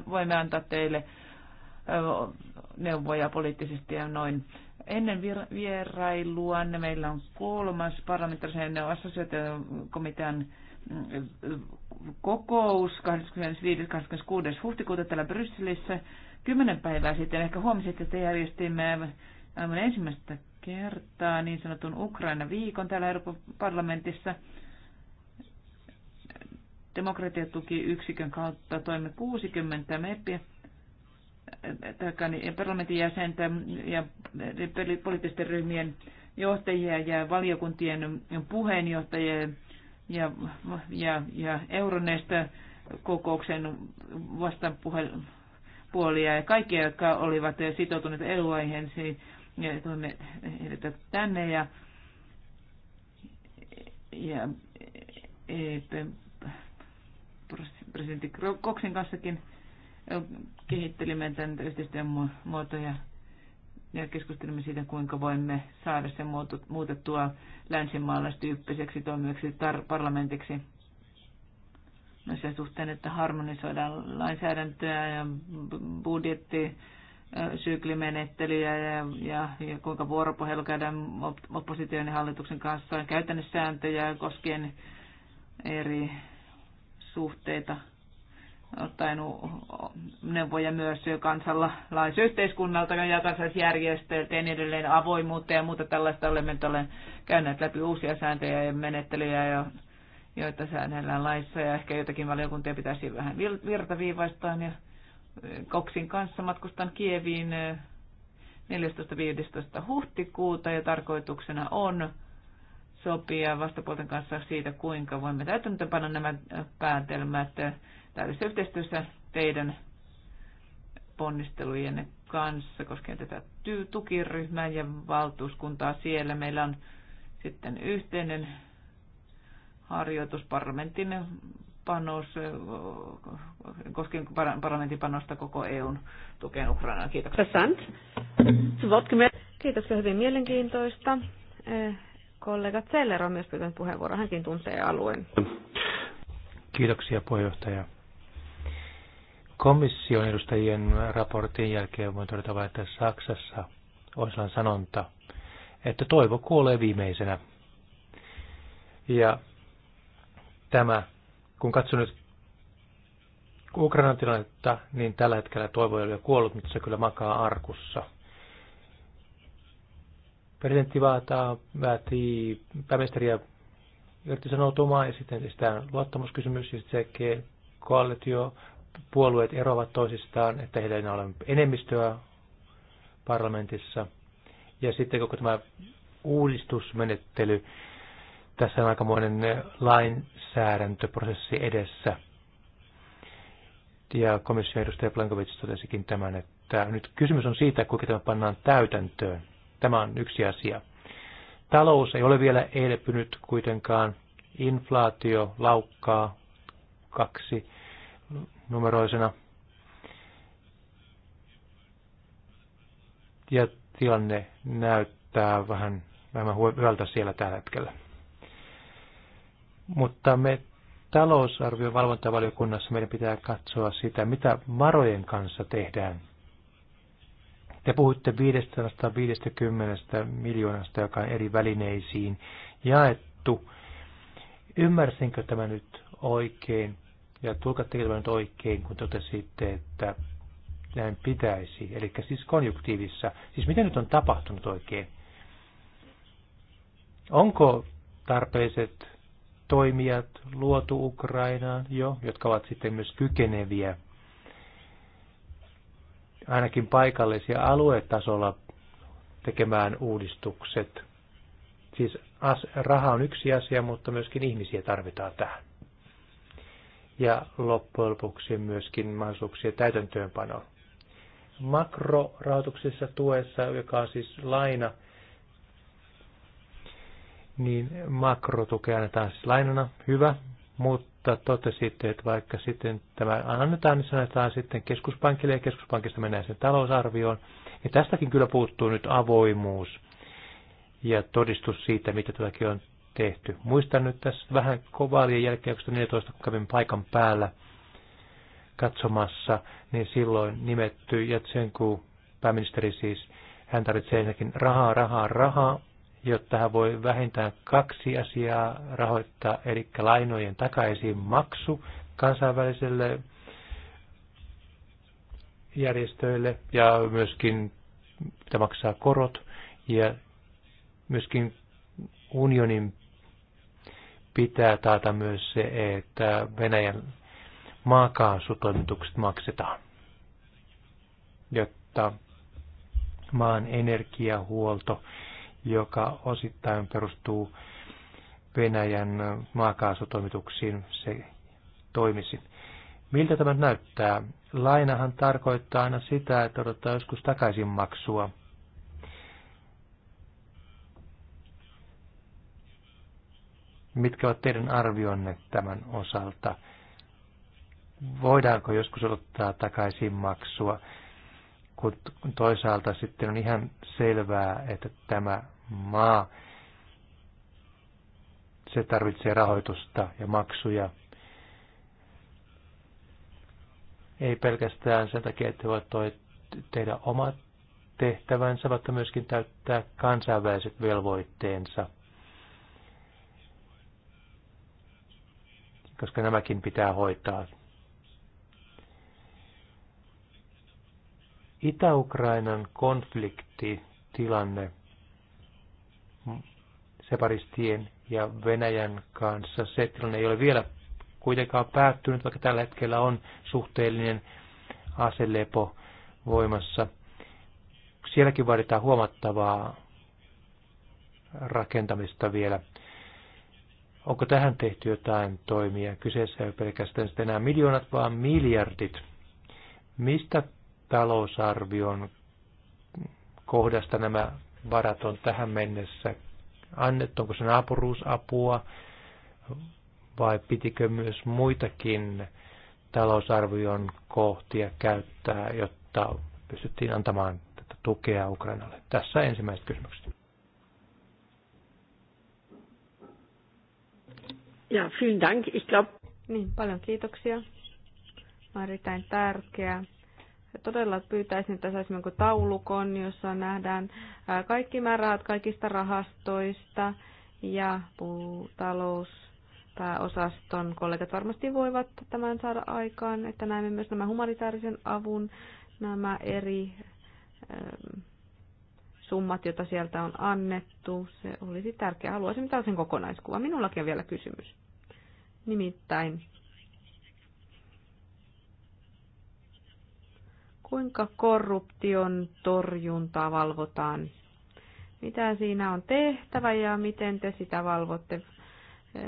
voimme antaa teille neuvoja poliittisesti ja noin. Ennen vierailua meillä on kolmas parlamentaarisen komitean mm, kokous 25-26. huhtikuuta täällä Brysselissä. Kymmenen päivää sitten, ehkä huomisitte, että järjestimme aivan ensimmäistä kertaa niin sanotun Ukraina-viikon täällä Euroopan parlamentissa. Demokratiatukiyksikön kautta toimme 60 meppiä niin parlamentin jäsentä ja poliittisten ryhmien johtajia ja valiokuntien puheenjohtajia ja, ja, ja Euroneista kokouksen vastapuolia ja kaikkia, jotka olivat sitoutuneet EU-aiheisiin, ja tuonne tänne ja, ja e presidentti Koksin kanssakin kehittelimme tämän yhteistyön muotoja ja keskustelimme siitä, kuinka voimme saada sen muutettua länsimaalaistyyppiseksi toimijaksi tar- parlamentiksi. No sen suhteen, että harmonisoidaan lainsäädäntöä ja budjetti, syklimenettelyjä ja, ja, ja kuinka vuoropuhelu käydään opposition ja hallituksen kanssa, käytännössääntöjä koskien eri suhteita ottaen neuvoja myös kansalaisyhteiskunnalta ja kansalaisjärjestöiltä ja niin edelleen avoimuutta ja muuta tällaista. Olemme olen käyneet läpi uusia sääntöjä ja menettelyjä, joita säännellään laissa ja ehkä jotakin valiokuntia pitäisi vähän virtaviivaistaa. Ja Koksin kanssa matkustan Kieviin 14.15. huhtikuuta ja tarkoituksena on sopia vastapuolten kanssa siitä, kuinka voimme täytäntöönpanna nämä päätelmät täydessä yhteistyössä teidän ponnistelujenne kanssa koskien tätä tukiryhmää ja valtuuskuntaa siellä. Meillä on sitten yhteinen harjoitus parlamentin panos, koskien parlamentin panosta koko EUn tukeen Ukrainaan. Kiitoksia. Kiitoksia hyvin mielenkiintoista. Eh, kollega Zeller on myös pyytänyt puheenvuoron. Hänkin tuntee alueen. Kiitoksia puheenjohtaja komission edustajien raportin jälkeen voin todeta vain, että Saksassa on sellainen sanonta, että toivo kuolee viimeisenä. Ja tämä, kun katson nyt Ukrainan tilannetta, niin tällä hetkellä toivo ei ole kuollut, mutta se kyllä makaa arkussa. Presidentti vaataa, vaatii pääministeriä irtisanoutumaan ja sitten esitään luottamuskysymys ja sitten se koalitio puolueet eroavat toisistaan, että heillä ei ole enemmistöä parlamentissa. Ja sitten koko tämä uudistusmenettely, tässä on aikamoinen lainsäädäntöprosessi edessä. Ja komission edustaja Plankovic totesikin tämän, että nyt kysymys on siitä, kuinka tämä pannaan täytäntöön. Tämä on yksi asia. Talous ei ole vielä elpynyt kuitenkaan. Inflaatio laukkaa kaksi numeroisena. Ja tilanne näyttää vähän vähän hyvältä siellä tällä hetkellä. Mutta me talousarvion valvontavaliokunnassa meidän pitää katsoa sitä, mitä varojen kanssa tehdään. Te puhutte 550 miljoonasta, joka on eri välineisiin jaettu. Ymmärsinkö tämä nyt oikein? ja tulkatteko tämä nyt oikein, kun totesitte, että näin pitäisi, eli siis konjunktiivissa, Siis mitä nyt on tapahtunut oikein? Onko tarpeiset toimijat luotu Ukrainaan jo, jotka ovat sitten myös kykeneviä ainakin paikallisia aluetasolla tekemään uudistukset. Siis raha on yksi asia, mutta myöskin ihmisiä tarvitaan tähän ja loppujen lopuksi myöskin mahdollisuuksia täytäntöönpanoon. Makrorahoituksessa tuessa, joka on siis laina, niin makrotukea annetaan siis lainana, hyvä, mutta totesitte, että vaikka sitten tämä annetaan, niin sanotaan sitten keskuspankille ja keskuspankista mennään sen talousarvioon. Ja tästäkin kyllä puuttuu nyt avoimuus ja todistus siitä, mitä tätäkin on tehty. Muistan nyt tässä vähän kovaalien jälkeen kun 14 kävin paikan päällä katsomassa, niin silloin nimetty Jatsenku, pääministeri siis, hän tarvitsee ensinnäkin rahaa, rahaa, rahaa, jotta hän voi vähintään kaksi asiaa rahoittaa, eli lainojen takaisin maksu kansainväliselle järjestöille ja myöskin pitää maksaa korot ja myöskin unionin pitää taata myös se, että Venäjän maakaasutoimitukset maksetaan, jotta maan energiahuolto, joka osittain perustuu Venäjän maakaasutoimituksiin, se toimisi. Miltä tämä näyttää? Lainahan tarkoittaa aina sitä, että odottaa joskus takaisin maksua Mitkä ovat teidän arvionne tämän osalta? Voidaanko joskus ottaa takaisin maksua, kun toisaalta sitten on ihan selvää, että tämä maa, se tarvitsee rahoitusta ja maksuja. Ei pelkästään sen takia, että he voivat tehdä omat tehtävänsä, vaikka myöskin täyttää kansainväliset velvoitteensa. koska nämäkin pitää hoitaa. Itä-Ukrainan konfliktitilanne separistien ja Venäjän kanssa, se tilanne ei ole vielä kuitenkaan päättynyt, vaikka tällä hetkellä on suhteellinen aselepo voimassa. Sielläkin vaaditaan huomattavaa rakentamista vielä. Onko tähän tehty jotain toimia? Kyseessä ei ole pelkästään enää miljoonat, vaan miljardit. Mistä talousarvion kohdasta nämä varat on tähän mennessä annettu? Onko se naapuruusapua vai pitikö myös muitakin talousarvion kohtia käyttää, jotta pystyttiin antamaan tätä tukea Ukrainalle? Tässä ensimmäiset kysymykset. Ja, vielen Dank. Ich glaub... Niin, paljon kiitoksia. On erittäin tärkeää. Todella pyytäisin, että saisimme taulukon, jossa nähdään kaikki määrät kaikista rahastoista ja talous pääosaston kollegat varmasti voivat tämän saada aikaan, että näemme myös nämä humanitaarisen avun, nämä eri summat, joita sieltä on annettu. Se olisi tärkeää. Haluaisin sen kokonaiskuva. Minullakin on vielä kysymys. Nimittäin, kuinka korruption torjuntaa valvotaan? Mitä siinä on tehtävä ja miten te sitä valvotte?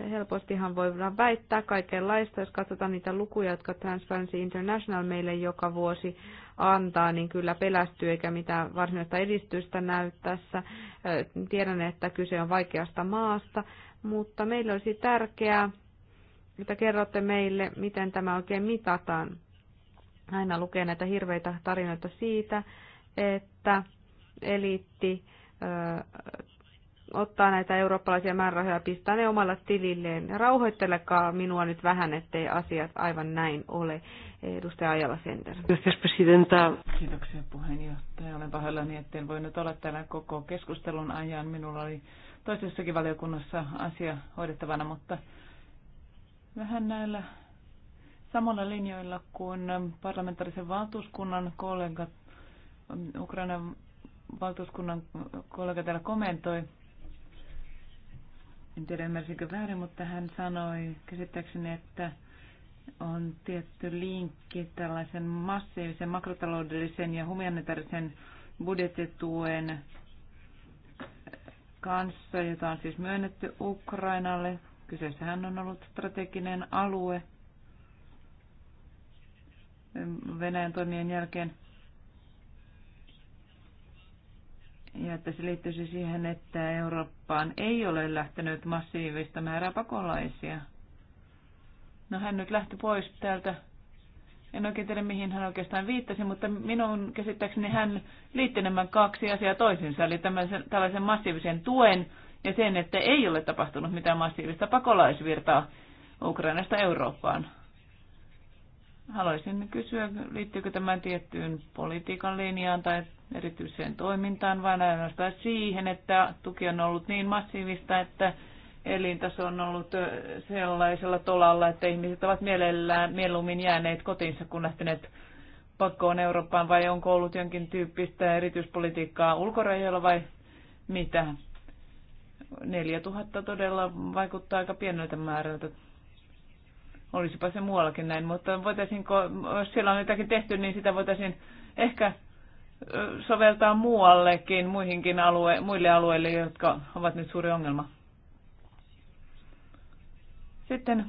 Helpostihan voidaan väittää kaikenlaista, jos katsotaan niitä lukuja, jotka Transparency International meille joka vuosi antaa, niin kyllä pelästyy eikä mitään varsinaista edistystä näy tässä. Tiedän, että kyse on vaikeasta maasta, mutta meillä olisi tärkeää, että kerrotte meille, miten tämä oikein mitataan. Aina lukee näitä hirveitä tarinoita siitä, että eliitti ottaa näitä eurooppalaisia määrärahoja ja pistää ne omalla tililleen. Rauhoittelekaa minua nyt vähän, ettei asiat aivan näin ole. Edustaja Ajala Center. Kiitoksia puheenjohtaja. Olen pahoillani, etten voinut olla täällä koko keskustelun ajan. Minulla oli toisessakin valiokunnassa asia hoidettavana, mutta vähän näillä samalla linjoilla kuin parlamentaarisen valtuuskunnan kollegat Ukrainan valtuuskunnan kollega täällä kommentoi en tiedä ymmärsinkö väärin, mutta hän sanoi käsittääkseni, että on tietty linkki tällaisen massiivisen makrotaloudellisen ja humanitaarisen budjettituen kanssa, jota on siis myönnetty Ukrainalle. Kyseessähän on ollut strateginen alue Venäjän toimien jälkeen ja että se liittyisi siihen, että Eurooppaan ei ole lähtenyt massiivista määrää pakolaisia. No hän nyt lähti pois täältä. En oikein tiedä, mihin hän oikeastaan viittasi, mutta minun käsittääkseni hän liitti nämä kaksi asiaa toisiinsa, eli tämän, tällaisen massiivisen tuen ja sen, että ei ole tapahtunut mitään massiivista pakolaisvirtaa Ukrainasta Eurooppaan. Haluaisin kysyä, liittyykö tämä tiettyyn politiikan linjaan tai erityiseen toimintaan, vaan ainoastaan siihen, että tuki on ollut niin massiivista, että elintaso on ollut sellaisella tolalla, että ihmiset ovat mielellään mieluummin jääneet kotiinsa kuin lähteneet pakkoon Eurooppaan, vai onko ollut jonkin tyyppistä erityispolitiikkaa ulkorajoilla vai mitä? 4000 todella vaikuttaa aika pieneltä määrältä Olisipa se muuallakin näin, mutta voitaisiinko, jos siellä on jotakin tehty, niin sitä voitaisiin ehkä soveltaa muuallekin, muihinkin alue, muille alueille, jotka ovat nyt suuri ongelma. Sitten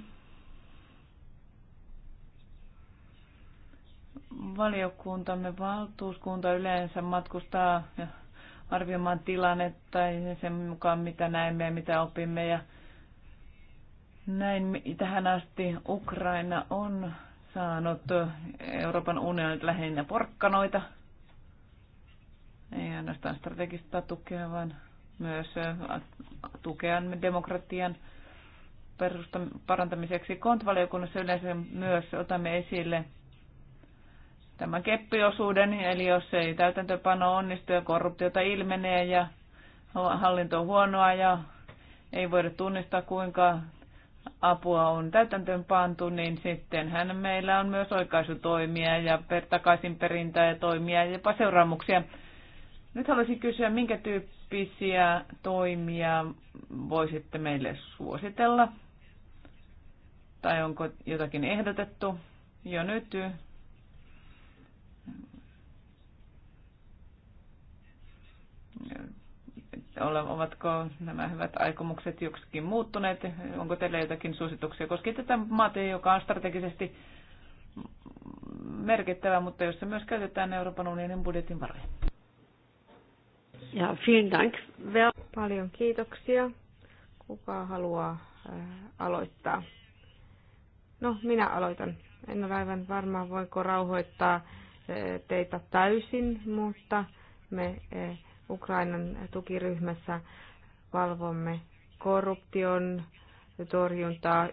valiokuntamme valtuuskunta yleensä matkustaa arvioimaan tilannetta ja sen mukaan, mitä näemme ja mitä opimme ja näin tähän asti Ukraina on saanut Euroopan unionin lähinnä porkkanoita. Ei ainoastaan strategista tukea, vaan myös äh, tukea demokratian parantamiseksi. Kontvaliokunnassa yleensä myös otamme esille tämän keppiosuuden, eli jos ei täytäntöpano onnistu ja korruptiota ilmenee ja hallinto on huonoa ja ei voida tunnistaa kuinka apua on täytäntöön pantu, niin sittenhän meillä on myös oikaisutoimia ja takaisinperintää ja toimia ja jopa seuraamuksia. Nyt haluaisin kysyä, minkä tyyppisiä toimia voisitte meille suositella? Tai onko jotakin ehdotettu jo nyt? ovatko nämä hyvät aikomukset joksikin muuttuneet? Onko teillä jotakin suosituksia koskien tätä maata, joka on strategisesti merkittävä, mutta jossa myös käytetään Euroopan unionin budjetin varoja? Ja, vielen dank. Paljon kiitoksia. Kuka haluaa äh, aloittaa? No, minä aloitan. En ole aivan varma, voinko rauhoittaa äh, teitä täysin, mutta me äh, Ukrainan tukiryhmässä valvomme korruption torjuntaa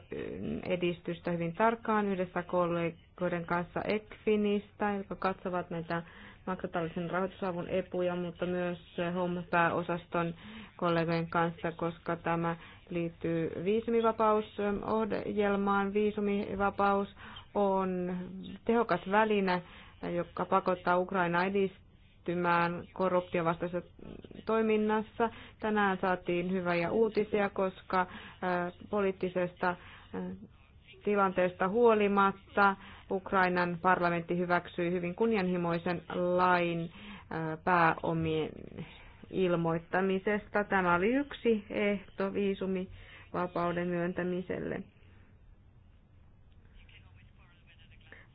edistystä hyvin tarkkaan yhdessä kollegoiden kanssa ECFINistä, jotka katsovat näitä makrotaloudellisen rahoitusavun epuja, mutta myös hom pääosaston kollegojen kanssa, koska tämä liittyy viisumivapausohjelmaan. Viisumivapaus on tehokas väline, joka pakottaa Ukraina edistämään edistymään korruptiovastaisessa toiminnassa. Tänään saatiin hyviä uutisia, koska poliittisesta tilanteesta huolimatta Ukrainan parlamentti hyväksyi hyvin kunnianhimoisen lain pääomien ilmoittamisesta. Tämä oli yksi ehto viisumivapauden myöntämiselle.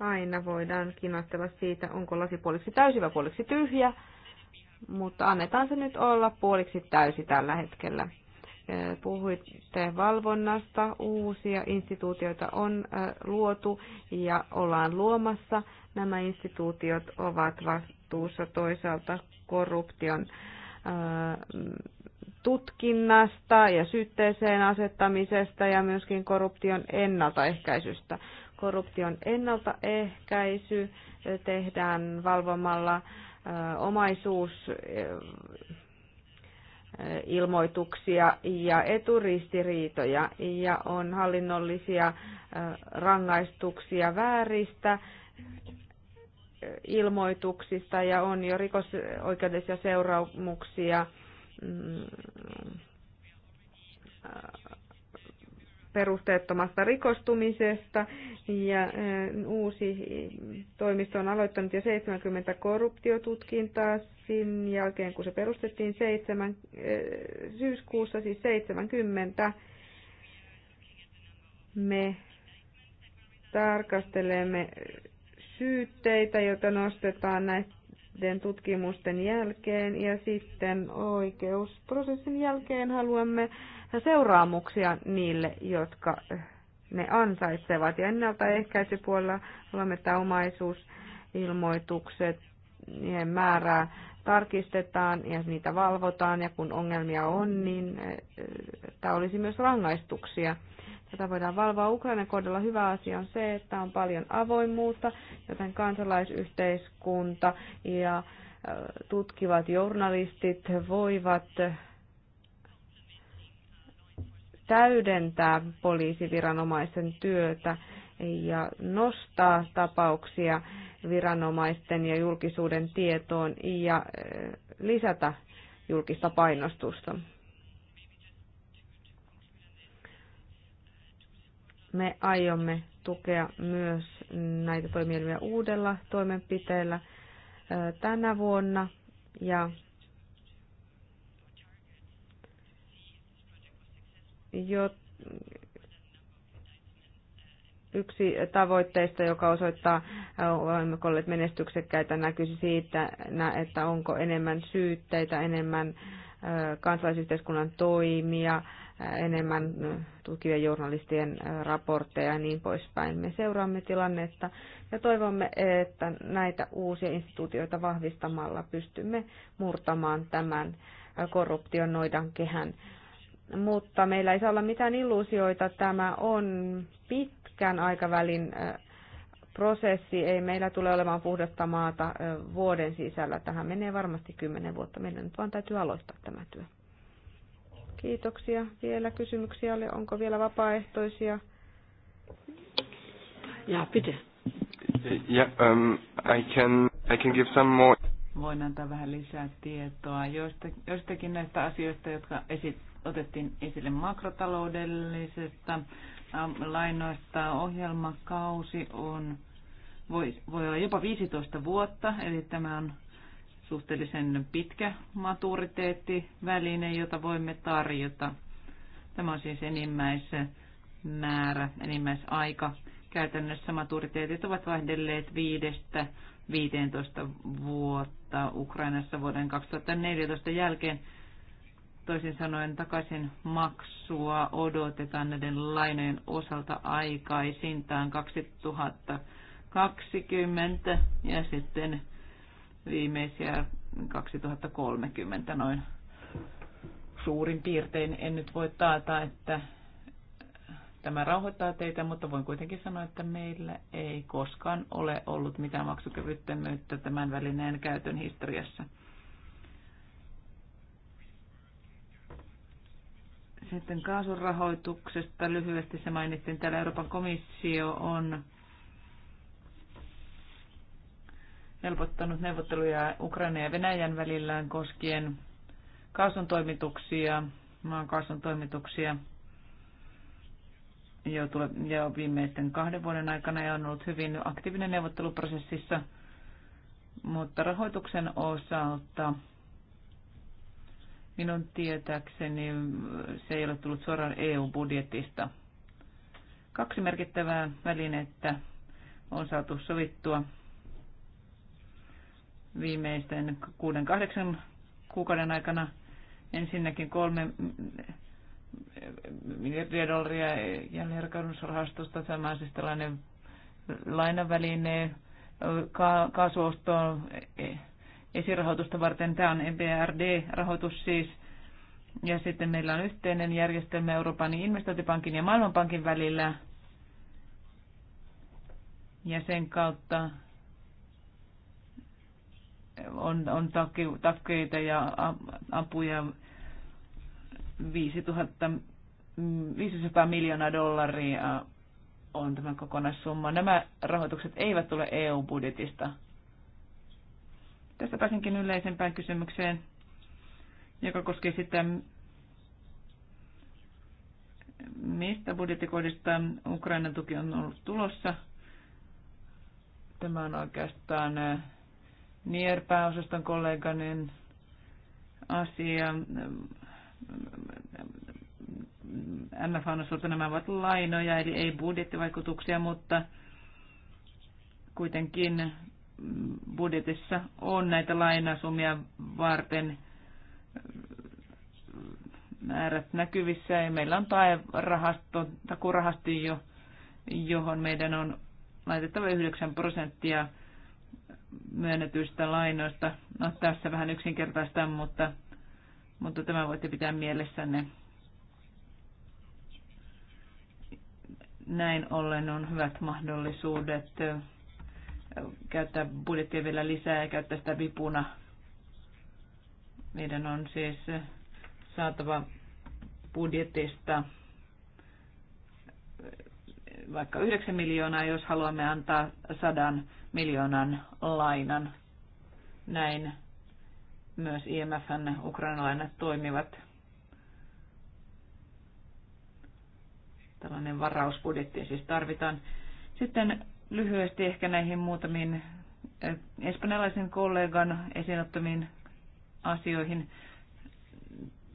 aina voidaan kinastella siitä, onko lasi puoliksi täysi vai puoliksi tyhjä, mutta annetaan se nyt olla puoliksi täysi tällä hetkellä. Puhuitte valvonnasta, uusia instituutioita on luotu ja ollaan luomassa. Nämä instituutiot ovat vastuussa toisaalta korruption tutkinnasta ja syytteeseen asettamisesta ja myöskin korruption ennaltaehkäisystä korruption ennaltaehkäisy tehdään valvomalla omaisuus ilmoituksia ja eturistiriitoja ja on hallinnollisia rangaistuksia vääristä ilmoituksista ja on jo rikosoikeudellisia seuraamuksia mm, perusteettomasta rikostumisesta ja eh, uusi toimisto on aloittanut jo 70 korruptiotutkintaa sen jälkeen, kun se perustettiin 7, eh, syyskuussa, siis 70. Me tarkastelemme syytteitä, joita nostetaan näiden tutkimusten jälkeen ja sitten oikeusprosessin jälkeen haluamme seuraamuksia niille, jotka eh, ne ansaitsevat. Ja ennaltaehkäisypuolella olemme, että omaisuusilmoitukset, niiden määrää tarkistetaan ja niitä valvotaan ja kun ongelmia on, niin eh, tämä olisi myös rangaistuksia. Tätä voidaan valvoa Ukrainan kohdalla. Hyvä asia on se, että on paljon avoimuutta, joten kansalaisyhteiskunta ja eh, tutkivat journalistit voivat täydentää poliisiviranomaisten työtä ja nostaa tapauksia viranomaisten ja julkisuuden tietoon ja eh, lisätä julkista painostusta. Me aiomme tukea myös näitä toimielimiä uudella toimenpiteellä eh, tänä vuonna ja jo, yksi tavoitteista, joka osoittaa, olemmeko menestyksekkäitä, näkyisi siitä, että onko enemmän syytteitä, enemmän kansalaisyhteiskunnan toimia, enemmän tukivien journalistien raportteja ja niin poispäin. Me seuraamme tilannetta ja toivomme, että näitä uusia instituutioita vahvistamalla pystymme murtamaan tämän korruption kehän mutta meillä ei saa olla mitään illuusioita. Tämä on pitkän aikavälin prosessi. Ei meillä tule olemaan puhdasta maata vuoden sisällä. Tähän menee varmasti kymmenen vuotta. Meidän nyt vaan täytyy aloittaa tämä työ. Kiitoksia. Vielä kysymyksiä oli. Onko vielä vapaaehtoisia? Ja, pide. Yeah, um, I can, I can give some more. Voin antaa vähän lisää tietoa joistakin näistä asioista, jotka esit, otettiin esille makrotaloudellisesta ähm, lainoista. Ohjelmakausi on, voi, voi olla jopa 15 vuotta, eli tämä on suhteellisen pitkä maturiteettiväline, jota voimme tarjota. Tämä on siis enimmäismäärä, enimmäisaika. Käytännössä maturiteetit ovat vaihdelleet viidestä 15 vuotta Ukrainassa vuoden 2014 jälkeen Toisin sanoen takaisin maksua odotetaan näiden lainojen osalta aikaisintaan 2020 ja sitten viimeisiä 2030 noin suurin piirtein. En nyt voi taata, että tämä rauhoittaa teitä, mutta voin kuitenkin sanoa, että meillä ei koskaan ole ollut mitään maksukyvyttömyyttä tämän välineen käytön historiassa. Sitten kaasurahoituksesta lyhyesti se mainittiin. Täällä Euroopan komissio on helpottanut neuvotteluja Ukraina ja Venäjän välillään koskien kaasun toimituksia, maakaasun toimituksia jo, tule, jo viimeisten kahden vuoden aikana ja on ollut hyvin aktiivinen neuvotteluprosessissa, mutta rahoituksen osalta Minun tietääkseni se ei ole tullut suoraan EU-budjetista. Kaksi merkittävää välinettä on saatu sovittua viimeisten kuuden kahdeksan kuukauden aikana. Ensinnäkin kolme miljardia dollaria jälleenrakennusrahastosta, tämä siis tällainen lainaväline, kaasuostoon esirahoitusta varten. Tämä on EBRD-rahoitus siis. Ja sitten meillä on yhteinen järjestelmä Euroopan investointipankin ja Maailmanpankin välillä. Ja sen kautta on, on takkeita ja apuja 5000, 500 miljoonaa dollaria on tämä kokonaissumma. Nämä rahoitukset eivät tule EU-budjetista Tästä pääsenkin yleisempään kysymykseen, joka koskee sitä, mistä budjettikohdista Ukrainan tuki on ollut tulossa. Tämä on oikeastaan äh, NIER-pääosaston kolleganin asia. MF on osalta nämä ovat lainoja, eli ei budjettivaikutuksia, mutta kuitenkin budjetissa on näitä lainasumia varten määrät näkyvissä ja meillä on taerahasto, rahasto takurahasti jo, johon meidän on laitettava 9 prosenttia myönnetyistä lainoista. No, tässä vähän yksinkertaista, mutta, mutta tämä voitte pitää mielessänne. Näin ollen on hyvät mahdollisuudet käyttää budjettia vielä lisää ja käyttää sitä vipuna. Meidän on siis saatava budjetista vaikka 9 miljoonaa, jos haluamme antaa 100 miljoonan lainan. Näin myös IMFn ukrainalainat toimivat. Tällainen varausbudjetti siis tarvitaan. Sitten Lyhyesti ehkä näihin muutamiin espanjalaisen kollegan esiin ottamiin asioihin.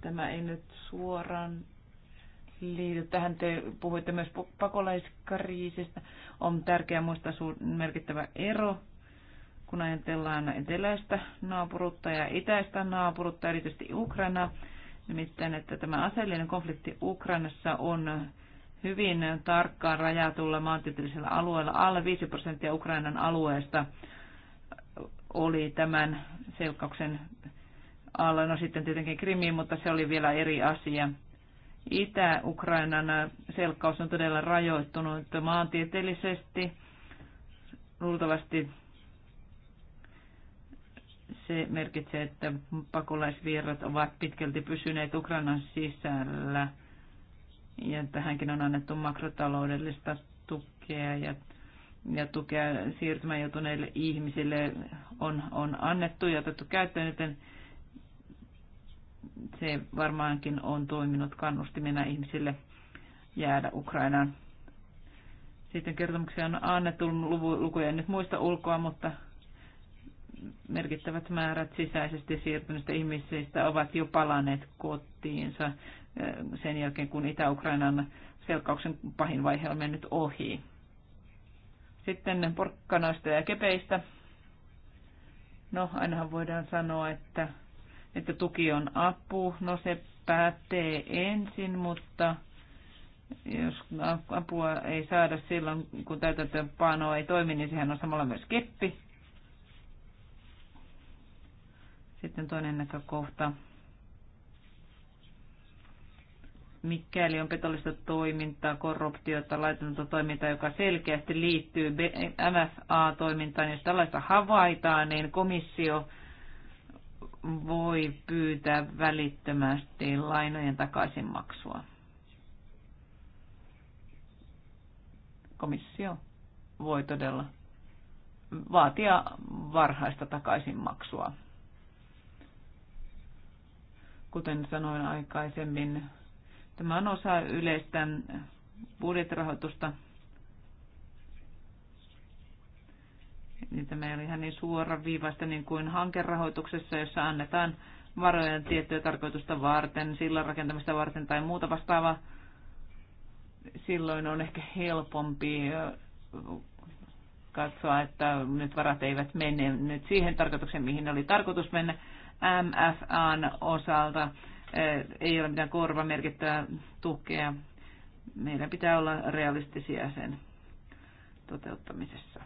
Tämä ei nyt suoraan liity tähän. Te puhuitte myös pakolaiskriisistä. On tärkeää muistaa merkittävä ero kun ajatellaan eteläistä naapurutta ja itäistä naapurutta, erityisesti Ukrainaa, nimittäin, että tämä aseellinen konflikti Ukrainassa on hyvin tarkkaan rajatulla maantieteellisellä alueella. Alle 5 prosenttia Ukrainan alueesta oli tämän selkkauksen alla. No sitten tietenkin Krimiin, mutta se oli vielä eri asia. Itä-Ukrainan selkkaus on todella rajoittunut maantieteellisesti. Luultavasti se merkitsee, että pakolaisvirrat ovat pitkälti pysyneet Ukrainan sisällä – ja tähänkin on annettu makrotaloudellista tukea ja, ja tukea siirtymään joutuneille ihmisille on, on annettu ja otettu käyttöön, joten se varmaankin on toiminut kannustimena ihmisille jäädä Ukrainaan. Sitten kertomuksia on annettu lukuja nyt muista ulkoa, mutta merkittävät määrät sisäisesti siirtyneistä ihmisistä ovat jo palanneet kotiinsa sen jälkeen, kun Itä-Ukrainan selkkauksen pahin vaihe on mennyt ohi. Sitten porkkanoista ja kepeistä. No, ainahan voidaan sanoa, että, että tuki on apu. No, se päättee ensin, mutta jos apua ei saada silloin, kun täytäntöönpano ei toimi, niin sehän on samalla myös keppi. Sitten toinen näkökohta. mikäli on petollista toimintaa, korruptiota, laitonta toimintaa, joka selkeästi liittyy MFA-toimintaan, jos tällaista havaitaan, niin komissio voi pyytää välittömästi lainojen takaisinmaksua. Komissio voi todella vaatia varhaista takaisinmaksua. Kuten sanoin aikaisemmin, Tämä on osa yleistä budjettirahoitusta. Niin tämä ei ole ihan niin suoraviivaista niin kuin hankerahoituksessa, jossa annetaan varoja tiettyä tarkoitusta varten, sillan rakentamista varten tai muuta vastaavaa. Silloin on ehkä helpompi katsoa, että nyt varat eivät mene nyt siihen tarkoitukseen, mihin oli tarkoitus mennä MFAn osalta Eh, ei ole mitään korvamerkittävää tukea. Meidän pitää olla realistisia sen toteuttamisessa.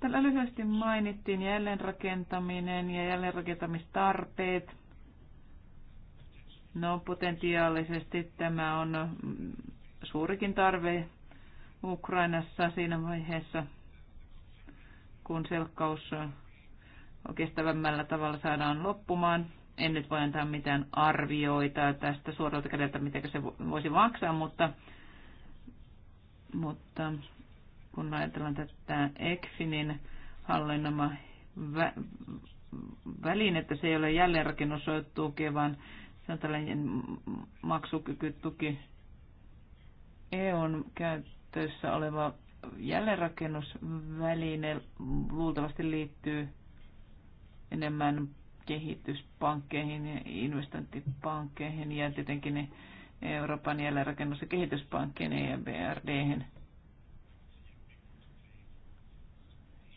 Tällä lyhyesti mainittiin jälleenrakentaminen ja jälleenrakentamistarpeet. No potentiaalisesti tämä on mm, suurikin tarve Ukrainassa siinä vaiheessa, kun selkkaus kestävämmällä tavalla saadaan loppumaan. En nyt voi antaa mitään arvioita tästä suoralta kädeltä, mitä se voisi maksaa, mutta, mutta kun ajatellaan tätä ECFINin hallinnoma vä- että se ei ole jälleenrakennustuki, vaan se on tällainen maksukykytuki EUn käytössä oleva jälleenrakennusväline luultavasti liittyy enemmän kehityspankkeihin ja investointipankkeihin ja tietenkin Euroopan jälleenrakennus- ja kehityspankkeihin ja e BRD.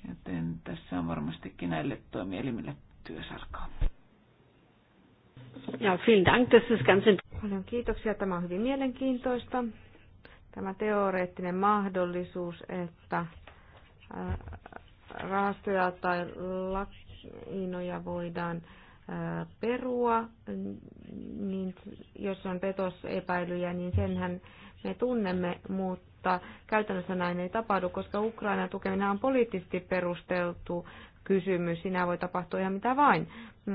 Joten tässä on varmastikin näille toimielimille työsarkaa. Ja, Dank, das ist ganz Paljon kiitoksia, tämä on hyvin mielenkiintoista. Tämä teoreettinen mahdollisuus, että rahastoja tai lak- Iinoja voidaan perua, niin jos on petosepäilyjä, niin senhän me tunnemme, mutta käytännössä näin ei tapahdu, koska Ukraina tukeminen on poliittisesti perusteltu kysymys. Sinä voi tapahtua ihan mitä vain.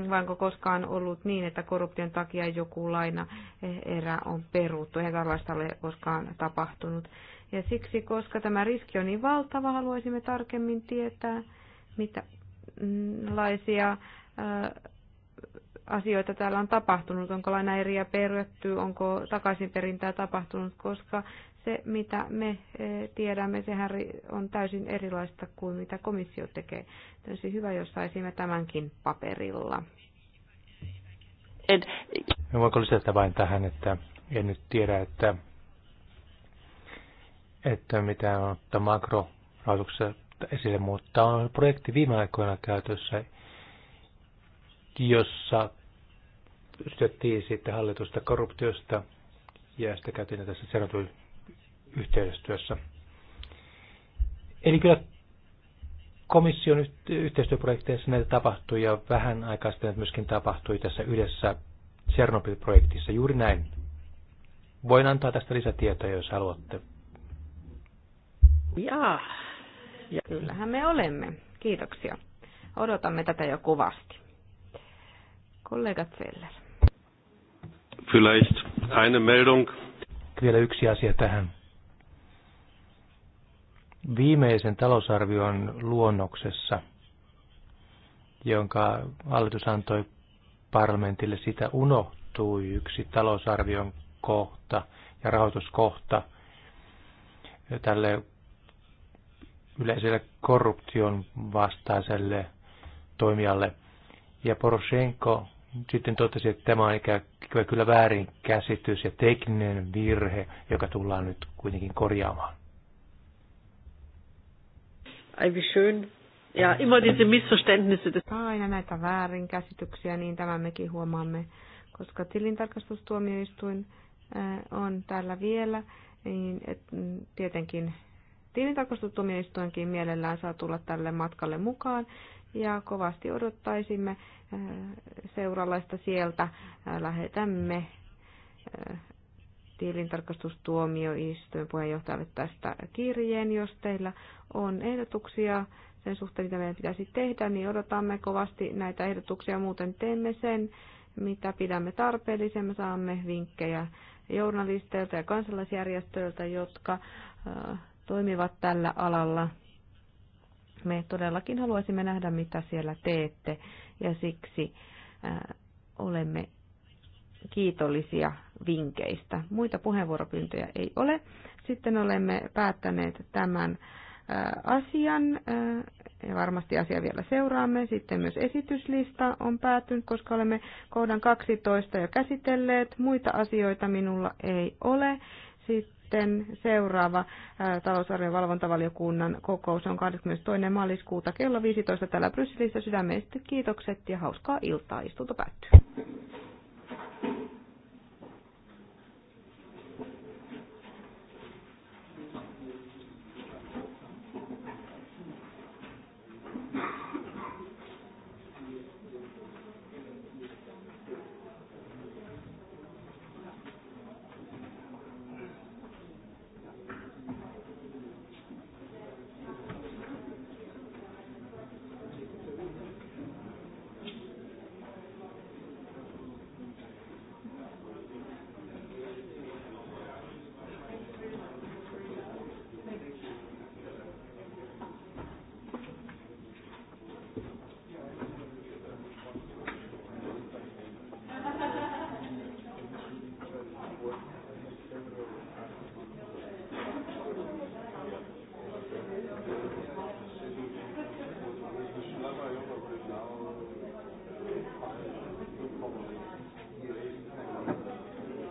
Vaanko koskaan ollut niin, että korruption takia joku laina e, erä on peruttu? Eihän tällaista ole koskaan tapahtunut. Ja siksi, koska tämä riski on niin valtava, haluaisimme tarkemmin tietää, mitä minkälaisia äh, asioita täällä on tapahtunut, onko lainaeriä perretty, onko takaisinperintää tapahtunut, koska se, mitä me äh, tiedämme, sehän on täysin erilaista kuin mitä komissio tekee. Olisi hyvä, jos saisimme tämänkin paperilla. Ed. voiko lisätä vain tähän, että en nyt tiedä, että, että mitä on makro esille, mutta on projekti viime aikoina käytössä, jossa syöttiin sitten hallitusta korruptiosta ja sitä käytiin tässä sanotun yhteistyössä. Eli kyllä komission yhteistyöprojekteissa näitä tapahtui ja vähän aikaa sitten myöskin tapahtui tässä yhdessä Chernobyl-projektissa juuri näin. Voin antaa tästä lisätietoja, jos haluatte. Jaa. Ja kyllähän me olemme. Kiitoksia. Odotamme tätä jo kovasti. Kollega Zeller. Vielleicht eine Meldung. Vielä yksi asia tähän. Viimeisen talousarvion luonnoksessa, jonka hallitus antoi parlamentille, sitä unohtui yksi talousarvion kohta ja rahoituskohta tälle yleiselle korruption vastaiselle toimijalle. Ja Poroshenko sitten totesi, että tämä on kuin kyllä väärin käsitys ja tekninen virhe, joka tullaan nyt kuitenkin korjaamaan. Ai wie schön. Ja immer diese Missverständnisse. Aina näitä väärinkäsityksiä, niin tämä mekin huomaamme, koska tilintarkastustuomioistuin äh, on täällä vielä, niin et, mm, tietenkin tilintarkastustuomioistuinkin mielellään saa tulla tälle matkalle mukaan ja kovasti odottaisimme äh, seuralaista sieltä. Äh, lähetämme äh, tilintarkastustuomioistuin puheenjohtajalle tästä kirjeen. Jos teillä on ehdotuksia sen suhteen, mitä meidän pitäisi tehdä, niin odotamme kovasti näitä ehdotuksia. Muuten teemme sen, mitä pidämme tarpeellisen. saamme vinkkejä journalisteilta ja kansalaisjärjestöiltä, jotka toimivat tällä alalla. Me todellakin haluaisimme nähdä, mitä siellä teette, ja siksi äh, olemme kiitollisia vinkeistä. Muita puheenvuoropyyntöjä ei ole. Sitten olemme päättäneet tämän äh, asian. Äh, ja varmasti asia vielä seuraamme. Sitten myös esityslista on päätynyt, koska olemme kohdan 12 jo käsitelleet. Muita asioita minulla ei ole. Sitten sitten seuraava talousarvion valvontavaliokunnan kokous on 22. maaliskuuta kello 15 täällä Brysselissä. Sydämeisesti kiitokset ja hauskaa iltaa. Istunto päättyy.